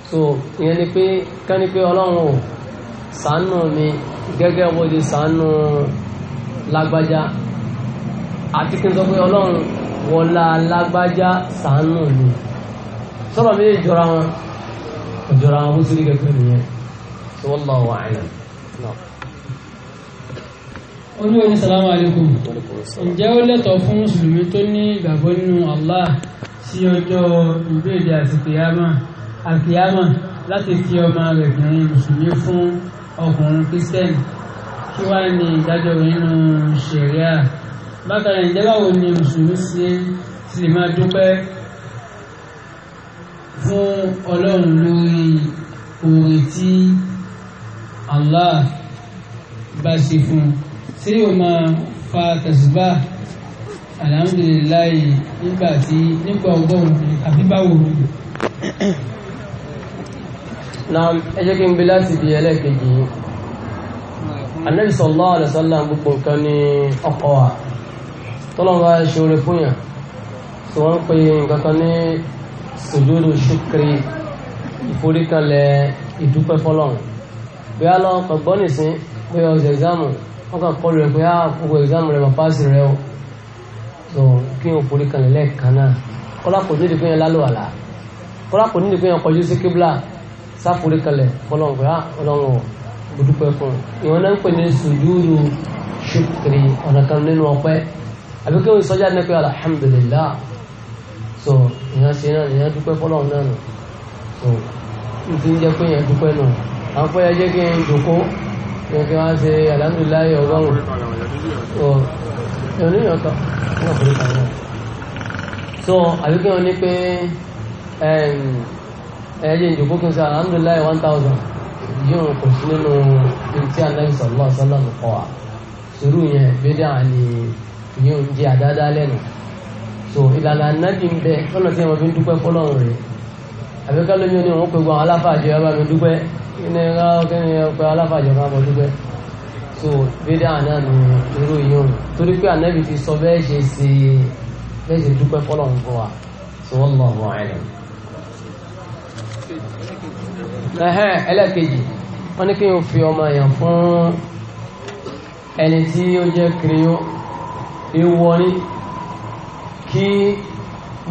so ìyẹn ni pé kání pé ọlọ́run ò sànù mi gẹ́gẹ́ bó ti sànù lágbájá àti kí n sọ pé ọlọ́run wọlá lágbájá mi sọ̀rọ̀ mi yé wọn jọra wọn bó ti rí gẹ́gẹ́ so wallahu a'lam olúwo ní salamu alaikum ǹjẹ́ ó lẹ́tọ̀ọ́ fún mùsùlùmí tó ní ìgbàgbọ́ nínú allah sí ọjọ́ ìbéèrè àti kìyàmà àkìyàmà láti fi ọmọ rẹ̀ bìnrin mùsùlùmí fún ọkùnrin kristẹni kí wá ní ìdájọ́ nínú ṣẹ̀ríà bákan náà báwo ni mùsùlùmí ṣe ti máa dúpẹ́ fún ọlọ́run lórí oore tí allah bá ṣe fún un tí o máa fa tẹ̀sùbá alhamdulilayi nígbà tí nígbà ọgọ́rùn àbí báwo ni. na ẹ jẹ́ kí n bí láti di ẹlẹ́ẹ̀kejì anabi sallallahu alaihi wasallam gbogbo nǹkan ní ọkọ̀ wa tọ́lọ́mọba ṣe oore fún yàn tí wọ́n ń pè nǹkan kan ní sujudu ṣúkiri ìforíkalẹ̀ ìdúpẹ́ fọlọ́run bí a lọ kàn gbọ́ nìsín pé ọjà ìzámù wọ́n kàn kọ́ rẹ̀ pé á gbogbo exam rẹ̀ pàpáàsì rẹ̀ o tó kí n forí kan lẹ́ẹ̀kan náà kọ́lá kò nídìí pé yẹn lálùwàlà kọ́lá kò nídìí pé yẹn kọjú sí kíbla sáforí kalẹ̀ fọlọ́n pé á ah, ọlọ́run o mo dúpẹ́ fún un ìwọ̀n náà ń pè ní sùjúdù ṣùkìrì ọ̀nà kan nínú ọpẹ́ àbí kí n sọ́jà ní pé alhamdulillah so ìyẹn ṣe náà ìyẹn dúpẹ́ fọlọ́run náà nù so n ti ń jẹ́ pé yẹn dúpẹ́ nù àwọn pé yẹn jẹ́ kí n dòkó mo kí wọ́n ṣe alhamdulilayi ọgọ́rùn ọ̀ oníyàn kan ní ọ̀pọ̀lọpọ̀ kan náà so àbí kí wọ́n ní pé ẹ̀yẹ́ ìjòkó kí n ṣe alhamdulilayi one thousand yóò kò sí nínú tí anabi sallallahu alaihi wasallam kọ́ wa sùúrù yẹn gbéra ni yóò jẹ́ àdáadáa lẹ́nu so ìlànà anabi ń bẹ ọ̀nà tí wọ́n fi ń àbí kálómi ni òun pẹ̀gbọ́n aláfàjẹ́ ọba mi dúpẹ́ ní ẹ̀rọ-kẹ́ni ọpẹ́ aláfàjẹ́ ọba mi dúpẹ́ so bídà náà ni irú yìí òun torí pé ànábì ti sọ bẹ́ẹ̀ ṣe ṣe bẹ́ẹ̀ ṣe dúpẹ́ fọlọ́ ń fọ wa so wọ́n lọ wọ́n ẹ̀rẹ̀. ẹ̀hẹ́n ẹlẹ́kejì wọ́n ní kí n fi ọmọ èèyàn fún ẹni tí ó jẹ́ kiriyo ewọ́ ní kí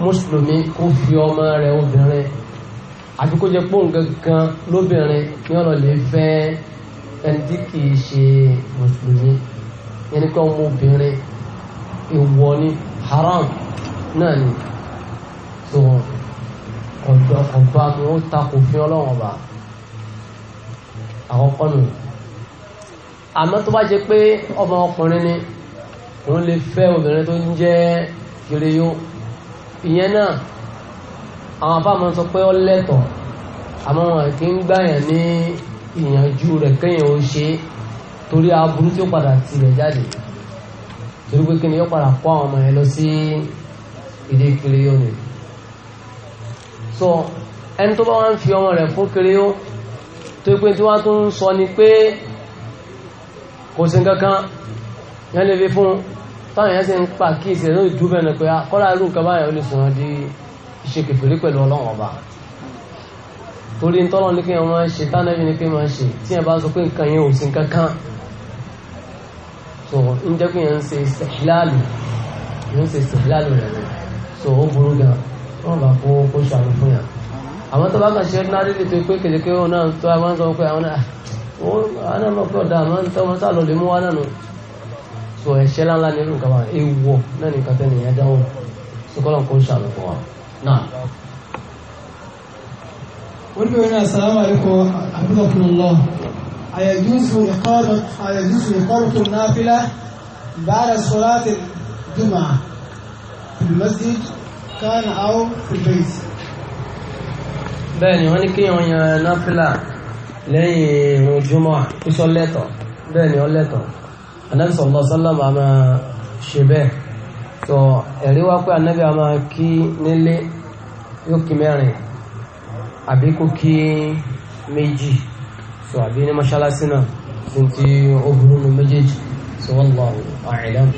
mùsùlùmí kó fi ọmọ rẹ̀ obìnrin àbí kó jẹ pé òun gangan lóbìnrin ní ọ̀nà lè fẹ́ ẹni tí kìí ṣe mùsùlùmí ẹni pé ọmọ obìnrin ni haram náà ni tó ọ̀dọ̀ ọba mi ó takò fi ọlọ́wọ́n ọba àkọ́kọ́ nù àmọ́ tó bá jẹ pé ọmọ ọkùnrin ni òun lè fẹ́ obìnrin tó ń jẹ́ kiri yó ìyẹn náà àwọn afáàmọ́ sọ pé ó lẹ́tọ̀ àmọ́ wọn kì í gbàyàn ní ìyànjú rẹ̀ kéèyàn ó ṣe torí aburú tí ó padà tirẹ̀ jáde torí pé kíni yóò padà kó àwọn ọmọ yẹn lọ sí ìdí kiri yóò so ẹni tó bá wá ń fi ọmọ rẹ̀ fún kiri tó pé tí wọ́n tún ń sọ ni pé kò sí kankan yẹn lè fi fún táwọn yẹn sì ń pa kíyèsí rẹ̀ lórí dúbẹ̀ pé ah, kọ́lá irú nǹkan báyọ̀ lè sọ̀rọ̀ di ṣe kèfèrí pẹ̀lú ọlọ́run ọba torí ń tọ́lọ́ ní kí wọ́n máa ń ṣe tánẹ́bí ní kí wọ́n ṣe tí wọ́n bá sọ pé nǹkan yẹn ò sí nǹkan kan so ń jẹ́ pé yẹn ń ṣe ìsìláàlù yẹn ń ṣe ìsìláàlù rẹ̀ rẹ̀ so ó burú gan wọ́n bá kó kó ṣàánú fún yàn àwọn tó bá kàn ṣe náà lílì tó pé kèdèké wọn náà tó àwọn sọ pé àwọn náà àwọn náà mọ̀ pé ọ̀dà àwọn tó wọn sá lọ lè mú wa náà nù so ẹ̀ṣẹ̀ láńlá ní irú nǹkan wa ewu náà nìkan tẹ́ nìyẹn dáwọ́ so نعم والبعنا السلام عليكم حفظكم الله أيجوز إقامة أيجوز إقامة النافلة بعد صلاة الجمعة في المسجد كان أو في البيت bẹ́ẹ̀ ni wọ́n ní kíyàn yan náfìlà lẹ́yìn ìrun jùmọ̀ kúsọ lẹ́tọ̀ bẹ́ẹ̀ ni ó lẹ́tọ̀ Ànábì sallallahu alaihi wasallam a máa ṣe bẹ́ẹ̀ tó ẹ̀rí wá pé Ànábì a máa kí nílé yóò kí mẹ́rin àbí kó kí méjì so àbí ní mọ́ṣáláṣí náà tí ń ti ó burú nu méjèèjì so wallahu a'lam. Naam.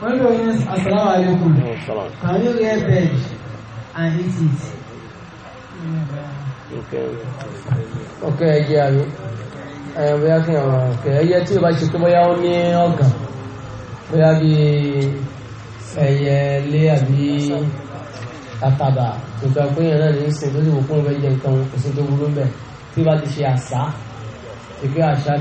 When you ask, Assalamu alaikum, can you get veg and eat it? ọkẹ ẹyẹ ayọ̀ ẹyẹ bóyá kí ọ̀rọ̀ ọkẹ ẹyẹ tí o bá ṣe pé bóyá ó ní ọ̀gàn bóyá bí ẹyẹ lé àbí àtàbà nǹkan pé yẹn náà ní sìn tó sì wò fún ọbẹ jẹ nǹkan òsì tó burú bẹ tí o bá ti ṣe àṣà ìpé àṣà